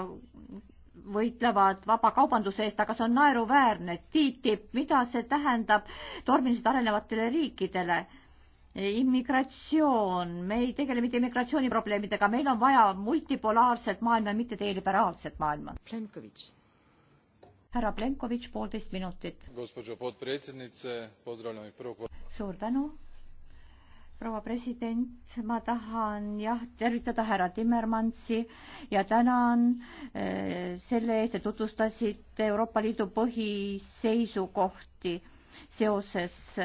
võitlevad vabakaubanduse eest, aga see on naeruväärne. TTIP, mida see tähendab tormiliselt arenevatele riikidele? immigratsioon, me ei tegele mitte immigratsiooniprobleemidega, meil on vaja multipolaarset maailma, mitte teeliberaalset maailma. härra Plenkovitš, poolteist minutit. suur tänu, proua president, ma tahan jah, tervitada härra Timmermansi ja tänan eh, selle eest, et tutvustasite Euroopa Liidu põhiseisukohti seoses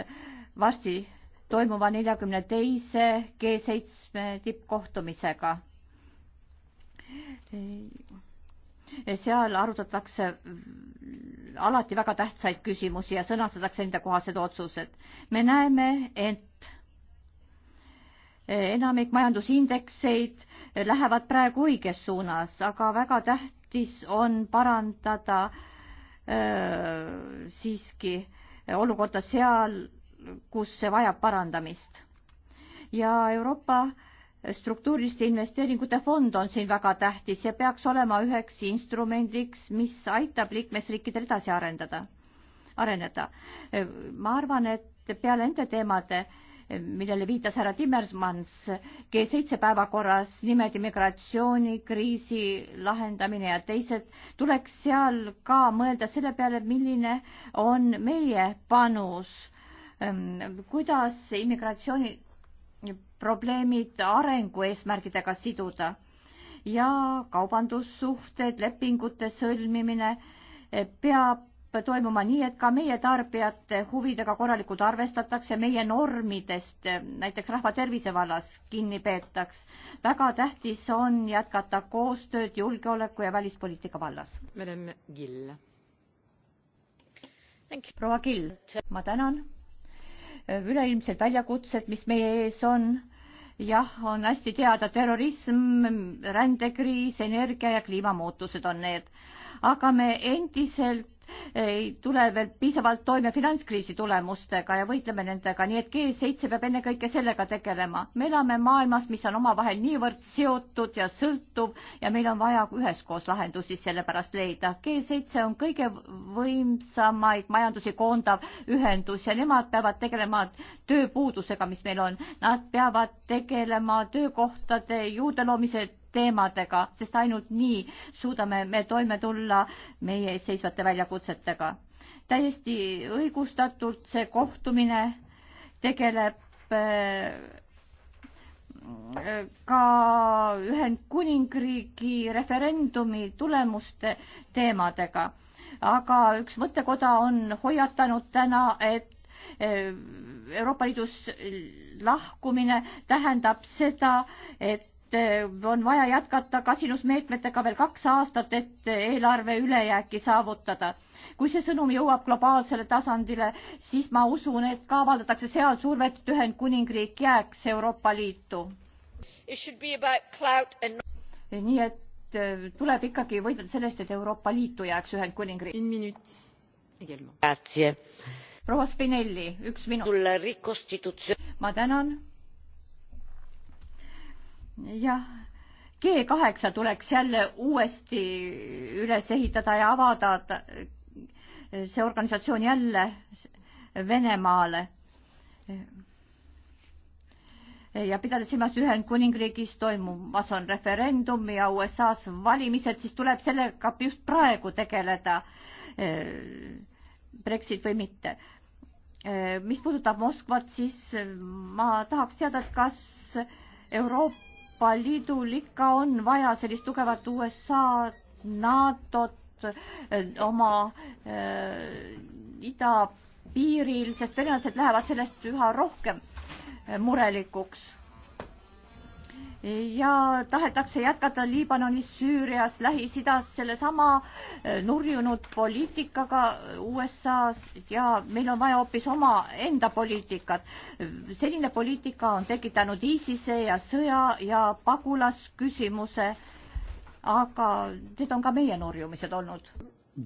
varsti toimuva neljakümne teise G seitsme tippkohtumisega. seal arutatakse alati väga tähtsaid küsimusi ja sõnastatakse nende kohased otsused. me näeme, et enamik majandusindekseid lähevad praegu õiges suunas, aga väga tähtis on parandada öö, äh, siiski olukorda seal kus see vajab parandamist. ja Euroopa struktuuriliste investeeringute fond on siin väga tähtis ja peaks olema üheks instrumendiks, mis aitab liikmesriikidel edasi arendada, areneda. ma arvan, et peale nende teemade, millele viitas härra Timmermans, G7 päevakorras nimed immigratsioonikriisi lahendamine ja teised, tuleks seal ka mõelda selle peale, milline on meie panus äh, Ähm, kuidas immigratsiooniprobleemid arengu eesmärgidega siduda ja kaubandussuhted, lepingute sõlmimine eh, peab toimuma nii, et ka meie tarbijate huvidega korralikult arvestatakse, meie normidest eh, näiteks rahvatervise vallas kinni peetaks. väga tähtis on jätkata koostööd julgeoleku ja välispoliitika vallas. proua Kill, ma tänan üleilmsed väljakutsed, mis meie ees on. jah, on hästi teada terrorism, rändekriis, energia ja kliimamuutused on need, aga me endiselt ei tule veel piisavalt toime finantskriisi tulemustega ja võitleme nendega, nii et G7 peab ennekõike sellega tegelema. me elame maailmas, mis on omavahel niivõrd seotud ja sõltuv ja meil on vaja üheskoos lahendusi selle pärast leida. G7 on kõige võimsamaid majandusi koondav ühendus ja nemad peavad tegelema tööpuudusega, mis meil on. Nad peavad tegelema töökohtade juurde loomise teemadega, sest ainult nii suudame me toime tulla meie ees seisvate väljakutsetega. täiesti õigustatult see kohtumine tegeleb äh, ka Ühendkuningriigi referendumi tulemuste teemadega. aga üks mõttekoda on hoiatanud täna, et äh, Euroopa Liidust lahkumine tähendab seda, et Eh, on vaja jätkata kasinusmeetmetega veel kaks aastat, et eh, eelarve ülejääki saavutada. kui see sõnum jõuab globaalsele tasandile, siis ma usun, et ka avaldatakse seal survet, et Ühendkuningriik jääks Euroopa Liitu. And... Eh, nii et tuleb ikkagi võidelda sellest, et Euroopa Liitu jääks Ühendkuningriik. proua Spinelli, üks minut. ma tänan jah, G kaheksa tuleks jälle uuesti üles ehitada ja avada see organisatsioon jälle Venemaale. ja pidades silmas Ühendkuningriigis toimumas on referendum ja USA-s valimised, siis tuleb sellega just praegu tegeleda. Brexit või mitte. mis puudutab Moskvat, siis ma tahaks teada, et kas Euroopa Euroopa Liidul ikka on vaja sellist tugevat USA-d, NATO-t eh, oma äh, idapiiril, sest venelased lähevad sellest üha rohkem eh, murelikuks ja tahetakse jätkata Liibanonis, Süürias, Lähis-Idas sellesama eh, nurjunud poliitikaga USA-s ja meil on vaja hoopis omaenda poliitikat. selline poliitika on tekitanud ISISe ja sõja ja pagulasküsimuse. aga need on ka meie nurjumised olnud.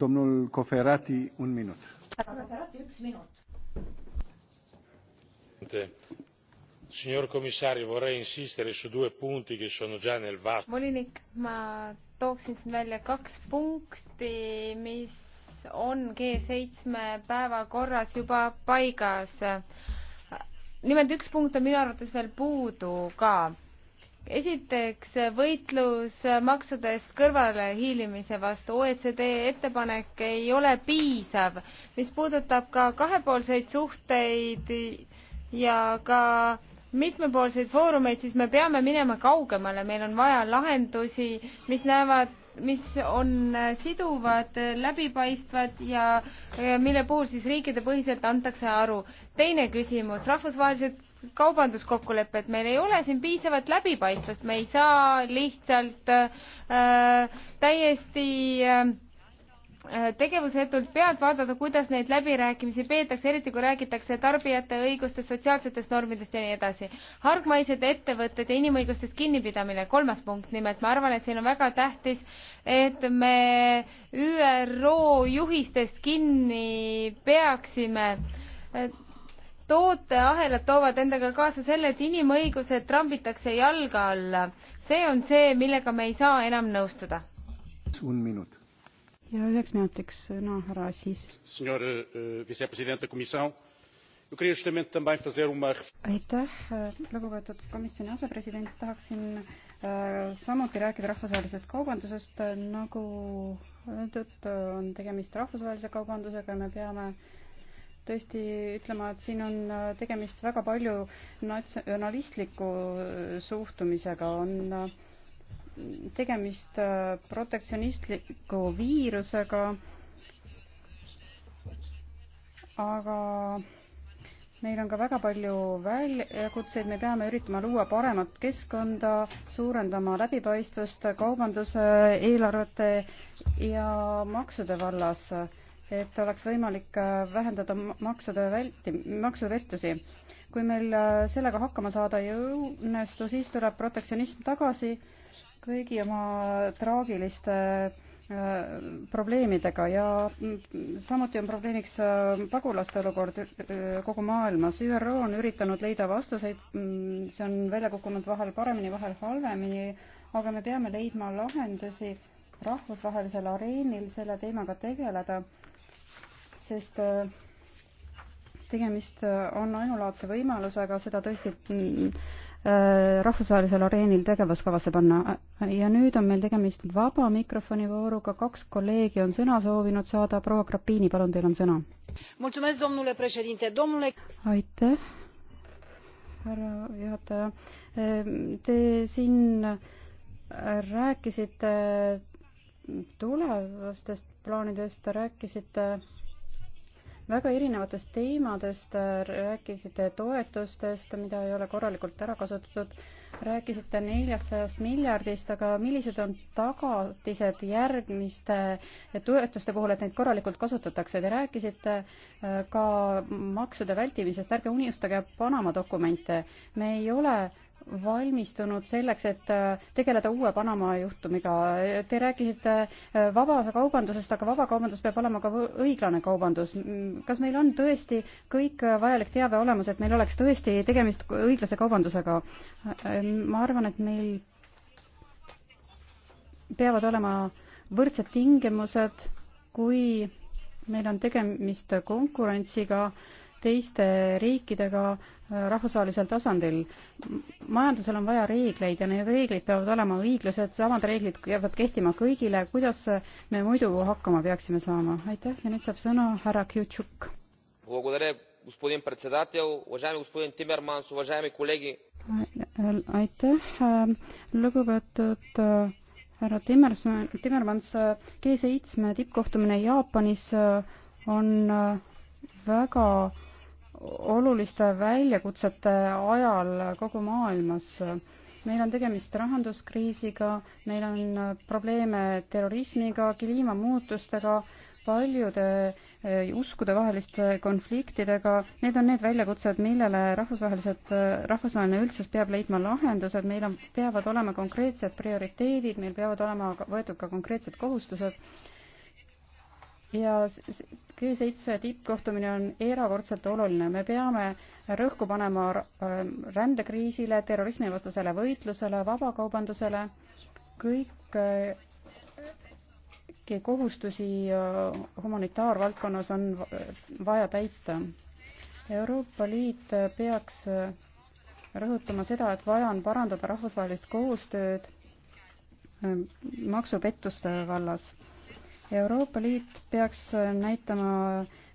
Domnul Koferati, un minut. härra Koferati, üks minut signor commissario vorrei insistere su due punti che sono già nel vasto. volinik ma tooksin siin välja kaks punkti mis on g seitsme päevakorras juba paigas. nimelt üks punkt on minu arvates veel puudu ka. esiteks võitlus maksudest kõrvalehiilimise vastu. OECD ettepanek ei ole piisav, mis puudutab ka kahepoolseid suhteid ja ka äh, mitmepoolseid foorumeid, siis me peame minema kaugemale, meil on vaja lahendusi, mis näevad, mis on siduvad, läbipaistvad ja mille puhul siis riikidepõhiselt antakse aru. teine küsimus, rahvusvahelised kaubanduskokkulepped, meil ei ole siin piisavat läbipaistvust, me ei saa lihtsalt äh, täiesti äh, Äh, tegevusetult pealt vaadata, kuidas neid läbirääkimisi peetakse, eriti kui räägitakse tarbijate õigustest, sotsiaalsetest normidest ja nii edasi. hargmaised ettevõtted ja inimõigustest kinnipidamine, kolmas punkt nimelt, ma arvan, et siin on väga tähtis, et me ÜRO juhistest kinni peaksime tooteahelad toovad endaga kaasa selle, et inimõigused trambitakse jalge alla. see on see, millega me ei saa enam nõustuda. üks minut ja üheks minutiks sõna no, härra Assis. Eh, eh, aitäh, eh, lugupeetud komisjoni asepresident, tahaksin samuti rääkida rahvusvahelisest kaubandusest, nagu öeldud, on tegemist rahvusvahelise kaubandusega ja me peame tõesti ütlema, et siin on tegemist väga palju natsionalistliku suhtumisega, on tegemist äh, protektsionistliku viirusega, aga meil on ka väga palju väljakutseid, me peame üritama luua paremat keskkonda, suurendama läbipaistvust kaubanduse, eelarvete ja maksude vallas, et oleks võimalik äh, vähendada maksude välti-, maksupettusi. kui meil äh, sellega hakkama saada ei õnnestu, siis tuleb protektsionism tagasi kõigi oma traagiliste äh, probleemidega ja mm, samuti on probleemiks äh, pagulaste olukord äh, kogu maailmas. ÜRO on üritanud leida vastuseid, mm, see on välja kukkunud vahel paremini, vahel halvemini, aga me peame leidma lahendusi rahvusvahelisel areenil selle teemaga tegeleda, sest tegemist on ainulaadse võimalusega seda tõesti mm, Äh, rahvusvahelisel areenil tegevuskavasse panna. ja nüüd on meil tegemist vaba mikrofoni vooruga, kaks kolleegi on sõna soovinud saada, proua Grapini, palun, teil on sõna. aitäh, härra juhataja. Ehm, te siin rääkisite tulevastest plaanidest, rääkisite väga erinevatest teemadest, äh, rääkisite toetustest, mida ei ole korralikult ära kasutatud, rääkisite neljasajast miljardist, aga millised on tagatised järgmiste toetuste puhul, et neid korralikult kasutatakse? Te rääkisite äh, ka maksude vältimisest, ärge unustage Panama dokumente. me ei ole valmistunud selleks, et äh, tegeleda uue Panama juhtumiga. Te rääkisite äh, vabakaubandusest, aga vabakaubandus peab olema ka õiglane kaubandus. kas meil on tõesti kõik äh, vajalik teave olemas, et meil oleks tõesti tegemist õiglase kaubandusega? ma arvan, et meil peavad olema võrdsed tingimused, kui meil on tegemist konkurentsiga teiste riikidega rahvusvahelisel tasandil. majandusel on vaja reegleid ja need reeglid peavad olema õiglased, samad reeglid peavad kehtima kõigile, kuidas me muidu hakkama peaksime saama? aitäh ja nüüd saab sõna härra Kjutšuk. aitäh, lugupeetud äh, härra Timmerson, Timmermans, äh, G7 tippkohtumine Jaapanis äh, on väga äh, oluliste väljakutsete ajal kogu maailmas. meil on tegemist rahanduskriisiga, meil on probleeme terrorismiga, kliimamuutustega, paljude eh, uskudevaheliste konfliktidega, need on need väljakutsed, millele rahvusvahelised, eh, rahvusvaheline üldsus peab leidma lahendused, meil on, peavad olema konkreetsed prioriteedid, meil peavad olema võetud ka konkreetsed kohustused ja G7 tippkohtumine on erakordselt oluline. me peame rõhku panema ähm, rändekriisile, terrorismivastasele võitlusele, vabakaubandusele, kõiki äh, kohustusi äh, humanitaarvaldkonnas on vaja täita. Euroopa Liit peaks äh, rõhutama seda, et vaja on parandada rahvusvahelist koostööd ähm, maksupettuste vallas Euroopa Liit peaks äh, näitama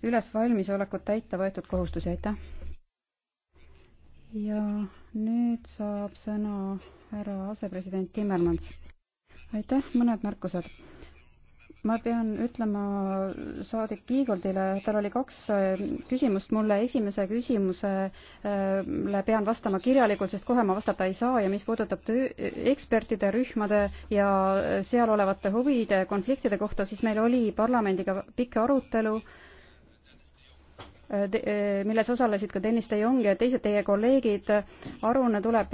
üles valmisolekut täita võetud kohustusi, aitäh! ja nüüd saab sõna härra asepresident Timmermans. aitäh, mõned märkused ma pean ütlema saadik Kiigoldile, tal oli kaks äh, küsimust mulle, esimese küsimusele äh, pean vastama kirjalikult, sest kohe ma vastata ei saa ja mis puudutab töö, äh, ekspertide rühmade ja seal olevate huvide konfliktide kohta, siis meil oli parlamendiga pikk arutelu, milles osalesid ka Dennis de Jong ja teised teie kolleegid. aruanne tuleb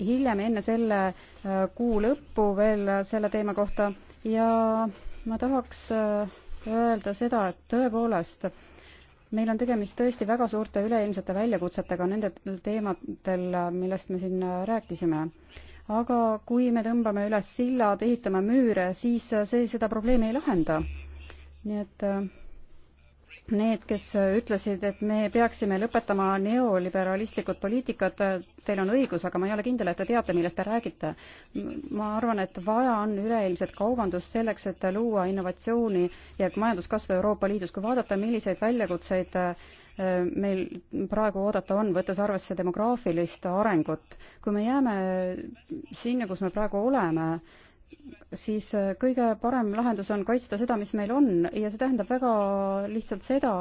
hiljem, enne selle kuu lõppu veel selle teema kohta ja ma tahaks äh, öelda seda, et tõepoolest meil on tegemist tõesti väga suurte üleilmsete väljakutsetega nendel teemadel, millest me siin äh, rääkisime. aga kui me tõmbame üles sillad, ehitame müüre, siis äh, see seda probleemi ei lahenda. nii et need, kes ütlesid, et me peaksime lõpetama neoliberalistlikud poliitikad, teil on õigus, aga ma ei ole kindel, et te teate, millest te räägite. ma arvan, et vaja on üleilmset kaubandust selleks, et luua innovatsiooni ja majanduskasvu Euroopa Liidus. kui vaadata, milliseid väljakutseid äh, meil praegu oodata on, võttes arvesse demograafilist arengut, kui me jääme sinna, kus me praegu oleme, siis äh, kõige parem lahendus on kaitsta seda, mis meil on ja see tähendab väga lihtsalt seda,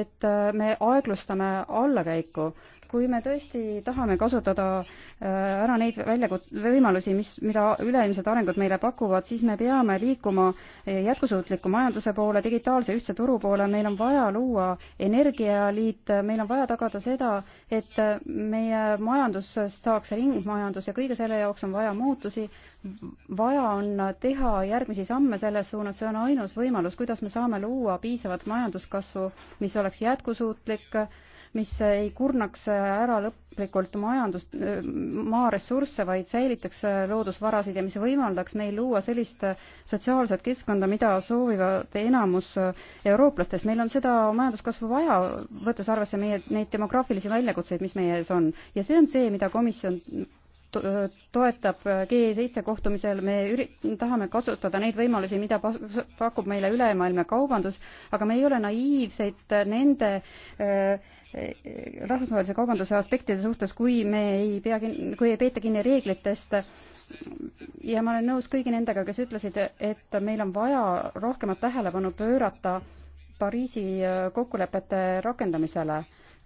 et äh, me aeglustame allakäiku kui me tõesti tahame kasutada äh, ära neid väljakuts-, võimalusi, mis, mida üleilmsed arengud meile pakuvad, siis me peame liikuma äh, jätkusuutliku majanduse poole, digitaalse ühtse turu poole, meil on vaja luua energialiit, äh, meil on vaja tagada seda, et meie majandusest saaks ringmajandus ja kõige selle jaoks on vaja muutusi, vaja on teha järgmisi samme selles suunas, see on ainus võimalus, kuidas me saame luua piisavat majanduskasvu, mis oleks jätkusuutlik, mis ei kurnaks ära lõplikult majandust, maaressursse, vaid säilitaks loodusvarasid ja mis võimaldaks meil luua sellist sotsiaalset keskkonda, mida soovivad enamus eurooplastest. meil on seda majanduskasvu vaja, võttes arvesse meie, neid demograafilisi väljakutseid, mis meie ees on. ja see on see, mida komisjon toetab G7 kohtumisel, me üri-, tahame kasutada neid võimalusi, mida pakub meile ülemaailmne kaubandus, aga me ei ole naiivsed nende äh, rahvusvahelise kaubanduse aspektide suhtes, kui me ei pea, kui ei peeta kinni reeglitest. ja ma olen nõus kõigi nendega, kes ütlesid, et meil on vaja rohkemat tähelepanu pöörata Pariisi äh, kokkulepete rakendamisele.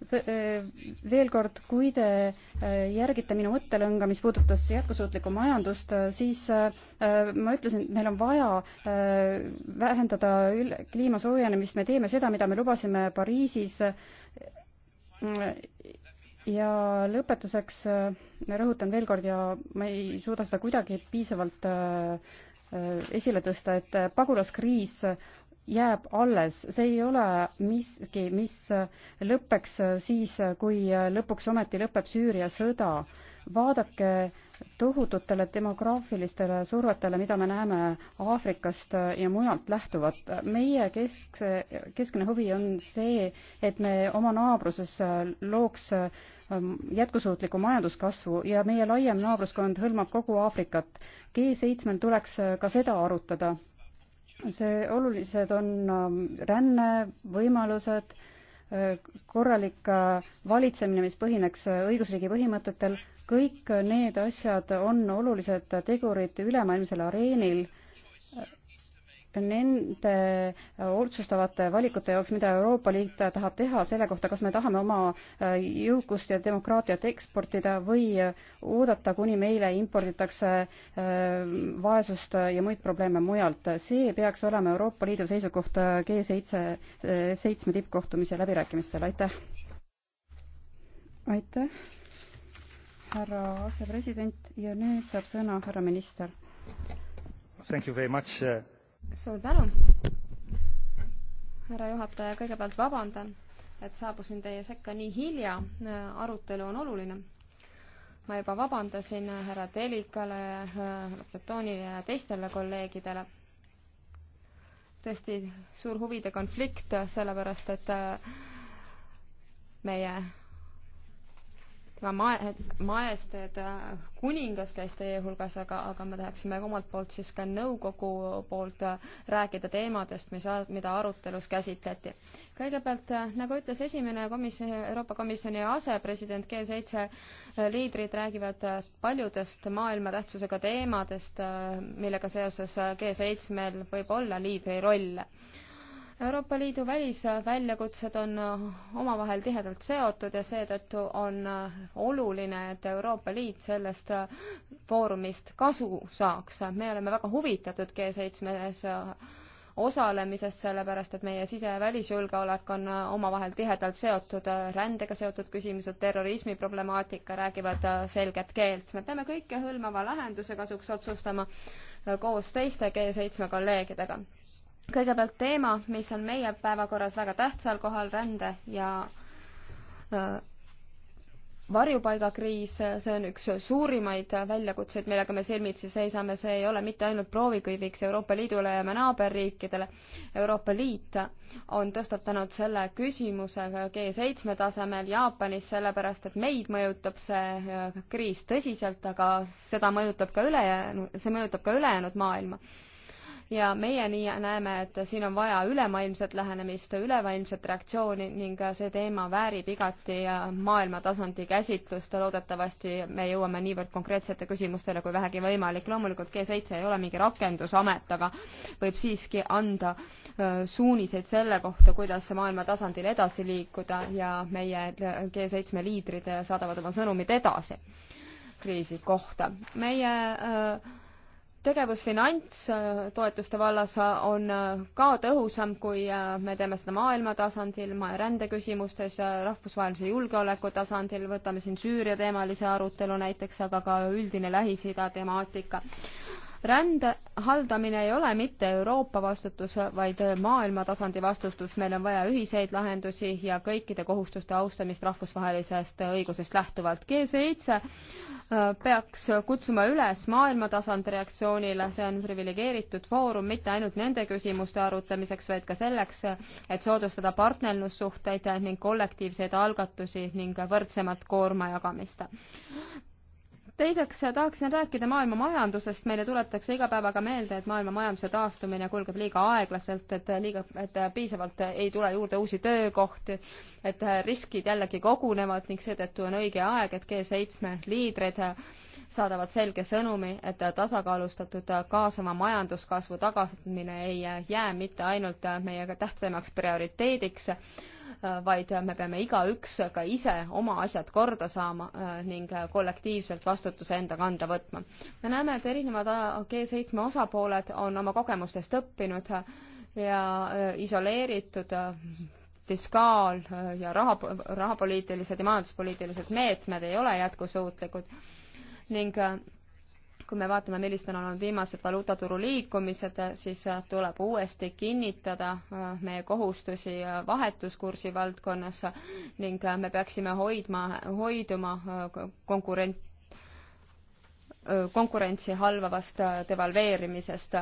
Äh, veel kord, kui te äh, järgite minu mõttelõnga, mis puudutas jätkusuutlikku majandust, siis ma ütlesin, et meil on vaja vähendada kliima soojenemist, me teeme seda, mida me lubasime Pariisis ja lõpetuseks rõhutan veel kord ja ma ei suuda seda kuidagi piisavalt äh, esile tõsta, et äh, pagulaskriis jääb alles, see ei ole miski, mis lõpeks siis, kui lõpuks ometi lõpeb Süüria sõda. vaadake tohututele demograafilistele survetele, mida me näeme Aafrikast ja mujalt lähtuvat. meie keskse, keskne huvi on see, et me oma naabruses looks ähm, jätkusuutliku majanduskasvu ja meie laiem naabruskond hõlmab kogu Aafrikat. G7-l tuleks ka seda arutada. see, olulised on ähm, ränne, võimalused, äh, korralik äh, valitsemine, mis põhineks äh, õigusriigi põhimõtetel kõik need asjad on olulised tegurid ülemaailmsel areenil nende otsustavate valikute jaoks, mida Euroopa Liit tahab teha selle kohta, kas me tahame oma äh, jõukust ja demokraatiat eksportida või oodata, kuni meile imporditakse äh, vaesust ja muid probleeme mujalt. see peaks olema Euroopa Liidu seisukoht äh, G7, seitsme tippkohtumise läbirääkimistel, aitäh! aitäh! härra asepresident ja nüüd saab sõna härra minister. Uh, suur tänu, härra juhataja, kõigepealt vabandan, et saabusin teie sekka nii hilja, arutelu on oluline. ma juba vabandasin härra Telikale, härra Platonile ja teistele kolleegidele. tõesti suur huvide konflikt, sellepärast et äh, meie ma mae-, maestajad äh, kuningas käis teie hulgas, aga, aga me tahaksime omalt poolt siis ka nõukogu poolt äh, rääkida teemadest, mis, mida arutelus käsitleti. kõigepealt, äh, nagu ütles esimene komisjoni, Euroopa Komisjoni asepresident, G7 liidrid räägivad paljudest maailma tähtsusega teemadest, millega seoses G7-l võib olla liidri roll Euroopa Liidu välisväljakutsed on äh, omavahel tihedalt seotud ja seetõttu on äh, oluline, et Euroopa Liit sellest äh, foorumist kasu saaks. me oleme väga huvitatud G7-s osalemisest, sellepärast et meie sise- ja välisjulgeolek on omavahel tihedalt seotud, rändega seotud küsimused, terrorismi problemaatika räägivad selget keelt. me peame kõike hõlmava lahenduse kasuks otsustama koos teiste G7 kolleegidega kõigepealt teema, mis on meie päevakorras väga tähtsal kohal, rände ja varjupaigakriis, see on üks suurimaid väljakutseid, millega me silmitsi seisame, see ei ole mitte ainult proovikõiviks Euroopa Liidule ja me naaberriikidele. Euroopa Liit on tõstatanud selle küsimuse G7 tasemel Jaapanis, sellepärast et meid mõjutab see kriis tõsiselt, aga seda mõjutab ka ülejäänud, see mõjutab ka ülejäänud maailma ja meie nii näeme, et siin on vaja ülemaailmset lähenemist, ülemaailmset reaktsiooni ning see teema väärib igati maailmatasandi käsitlust ja loodetavasti me jõuame niivõrd konkreetsete küsimustele kui vähegi võimalik. loomulikult G7 ei ole mingi rakendusamet, aga võib siiski anda suuniseid selle kohta, kuidas maailma tasandil edasi liikuda ja meie G7 liidrid saadavad oma sõnumid edasi kriisi kohta. meie äh, tegevus finantstoetuste vallas on äh, ka tõhusam, kui äh, me teeme seda maailma tasandil, rändeküsimustes, äh, rahvusvahelise julgeoleku tasandil, võtame siin Süüria teemalise arutelu näiteks, aga ka üldine Lähis-Ida temaatika rände haldamine ei ole mitte Euroopa vastutus, vaid maailma tasandi vastutus, meil on vaja ühiseid lahendusi ja kõikide kohustuste austamist rahvusvahelisest õigusest lähtuvalt. G7 äh, peaks kutsuma üles maailma tasandi reaktsioonile, see on priviligeeritud foorum mitte ainult nende küsimuste arutamiseks, vaid ka selleks, et soodustada partnerlussuhteid ning kollektiivseid algatusi ning võrdsemat koorma jagamist teiseks äh, tahaksin rääkida maailma majandusest, meile tuletatakse iga päevaga meelde, et maailma majanduse taastumine kulgeb liiga aeglaselt, et äh, liiga, et äh, piisavalt ei tule juurde uusi töökohti, et riskid jällegi kogunevad ning seetõttu on õige aeg, et G7 liidrid saadavad selge sõnumi, et tasakaalustatud kaasava majanduskasvu tagastamine ei jää mitte ainult meie tähtsamaks prioriteediks, vaid me peame igaüks ka ise oma asjad korda saama äh, ning kollektiivselt vastutuse enda kanda võtma. me näeme, et erinevad G7 osapooled on oma kogemustest õppinud ja äh, isoleeritud äh, fiskaal- ja raha, rahapoliitilised ja majanduspoliitilised meetmed ei ole jätkusuutlikud ning äh, kui me vaatame, millised on olnud viimased valuutaturu liikumised, siis äh, tuleb uuesti kinnitada äh, meie kohustusi vahetuskursi valdkonnas ning me peaksime hoidma, hoiduma konkurent, konkurentsi halvavast devalveerimisest.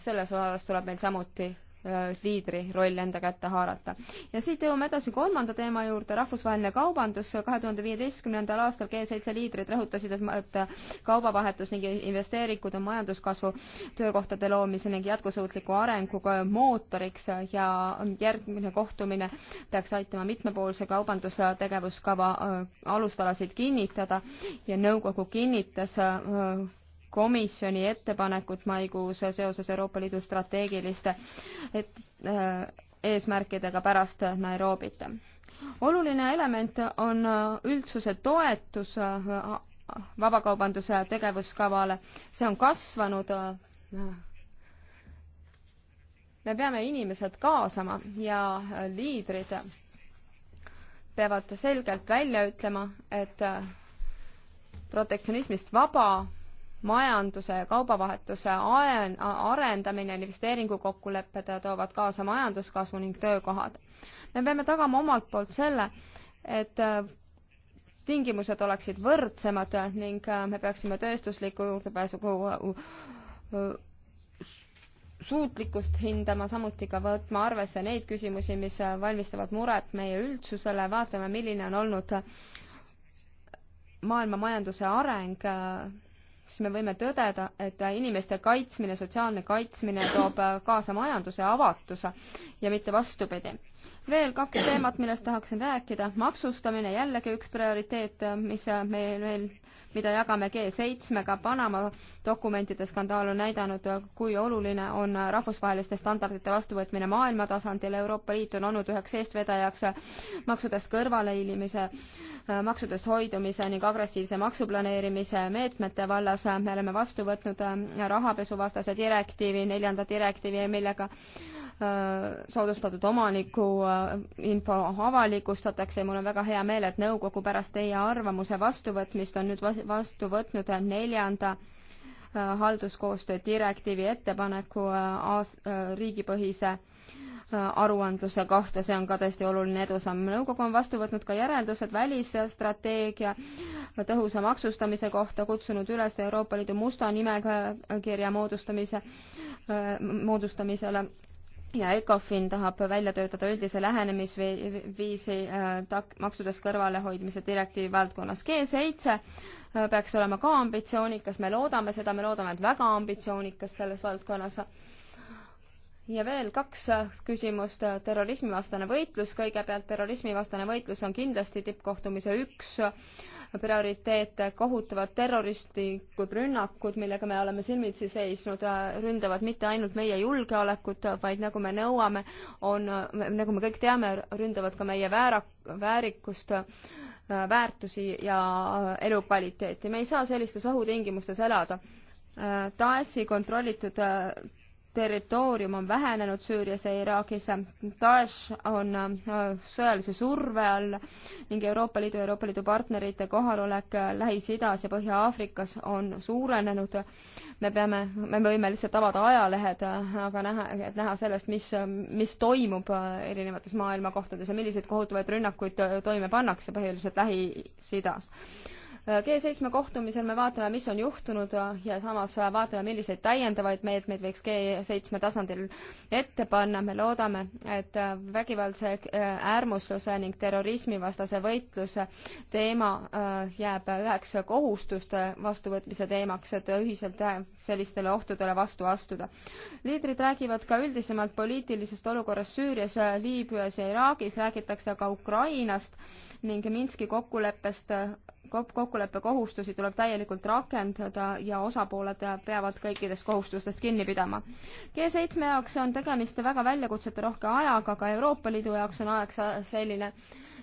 selles osas tuleb meil samuti Äh, liidri roll enda kätte haarata. ja siit jõuame edasi kolmanda teema juurde, rahvusvaheline kaubandus. kahe tuhande viieteistkümnendal aastal G7 liidrid rõhutasid, et kaubavahetus ning investeeringud on majanduskasvu, töökohtade loomise ning jätkusuutliku arenguga mootoriks ja järgmine kohtumine peaks aitama mitmepoolse kaubandustegevuskava äh, alustalasid kinnitada ja nõukogu kinnitas äh, komisjoni ettepanekut maikuus seoses Euroopa Liidu strateegiliste et, äh, eesmärkidega pärast Nairobit. oluline element on üldsuse toetus äh, vabakaubanduse tegevuskavale, see on kasvanud. Äh, me peame inimesed kaasama ja liidrid peavad selgelt välja ütlema, et protektsionismist vaba majanduse ja kaubavahetuse arendamine, investeeringukokkulepped toovad kaasa majanduskasvu ning töökohad. me peame tagama omalt poolt selle, et äh, tingimused oleksid võrdsemad ning äh, me peaksime tööstusliku juurdepääsu äh, suutlikkust hindama, samuti ka võtma arvesse neid küsimusi, mis valmistavad muret meie üldsusele, vaatame, milline on olnud maailma majanduse areng siis me võime tõdeda, et inimeste kaitsmine, sotsiaalne kaitsmine toob kaasa majanduse avatuse ja mitte vastupidi veel kaks teemat, millest tahaksin rääkida. maksustamine, jällegi üks prioriteet, mis meil veel, mida jagame G7-ga. Panama dokumentide skandaal on näidanud, kui oluline on rahvusvaheliste standardite vastuvõtmine maailma tasandil. Euroopa Liit on olnud üheks eestvedajaks maksudest kõrvalehiilimise, maksudest hoidumise ning agressiivse maksuplaneerimise meetmete vallas. me oleme vastu võtnud rahapesuvastase direktiivi, neljanda direktiivi, millega Äh, soodustatud omaniku äh, info avalikustatakse ja mul on väga hea meel, et nõukogu pärast teie arvamuse vastuvõtmist on nüüd vastu võtnud neljanda äh, halduskoostöö direktiivi ettepaneku aas-, riigipõhise aruandluse kohta, see on ka tõesti oluline edusamm. nõukogu on vastu võtnud ka järeldused välisstrateegia tõhusa maksustamise kohta, kutsunud üles Euroopa Liidu musta nimekirja moodustamise, moodustamisele ja ECOFIN tahab välja töötada üldise lähenemisviisi äh, tak-, maksudest kõrvalehoidmise direktiivi valdkonnas. G7 äh, peaks olema ka ambitsioonikas, me loodame seda, me loodame, et väga ambitsioonikas selles valdkonnas. ja veel kaks äh, küsimust, terrorismivastane võitlus, kõigepealt terrorismivastane võitlus on kindlasti tippkohtumise üks prioriteet, kohutavad terroristlikud rünnakud, millega me oleme silmitsi seisnud, ründavad mitte ainult meie julgeolekut, vaid nagu me nõuame, on, nagu me kõik teame, ründavad ka meie väära, väärikust, väärtusi ja elukvaliteeti. me ei saa sellistes ohutingimustes elada. Daeshi kontrollitud territoorium on vähenenud Süürias ja Iraagis. Daesh on äh, sõjalise surve all ning Euroopa Liidu ja Euroopa Liidu partnerite kohalolek äh, Lähis-Idas ja Põhja-Aafrikas on suurenenud. me peame, me võime lihtsalt avada ajalehed, äh, aga näha, et näha sellest, mis, mis toimub erinevates maailma kohtades ja milliseid kohutavaid rünnakuid toime pannakse, põhiliselt Lähis-Idas G7 kohtumisel me vaatame, mis on juhtunud ja samas vaatame, milliseid täiendavaid meetmeid võiks G7 tasandil ette panna. me loodame, et vägivaldse äh, äärmusluse ning terrorismivastase võitluse teema äh, jääb üheks kohustuste vastuvõtmise teemaks, et ühiselt äh, sellistele ohtudele vastu astuda. liidrid räägivad ka üldisemalt poliitilisest olukorrast Süürias, Liibüas ja Iraagis, räägitakse ka Ukrainast ning Minski kokkuleppest kokkuleppe kohustusi tuleb täielikult rakendada ja osapooled peavad kõikidest kohustustest kinni pidama. G7 jaoks on tegemist väga väljakutsete rohke ajaga, aga Euroopa Liidu jaoks on aeg selline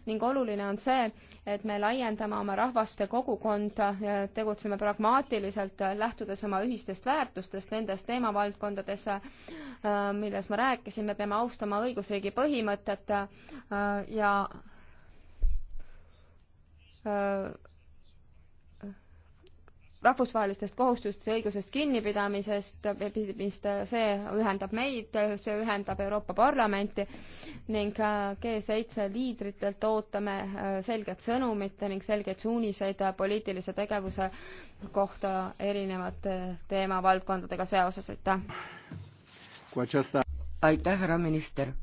ning oluline on see, et me laiendame oma rahvaste kogukonda, tegutseme pragmaatiliselt, lähtudes oma ühistest väärtustest nendes teemavaldkondades, milles ma rääkisin, me peame austama õigusriigi põhimõtet ja rahvusvahelistest kohustustest ja õigusest kinnipidamisest, mis see ühendab meid, see ühendab Euroopa Parlamenti ning äh, G7 liidritelt ootame äh, selget sõnumit ning selgeid suuniseid äh, poliitilise tegevuse kohta erinevate teemavaldkondadega seoses, aitäh! aitäh, härra minister!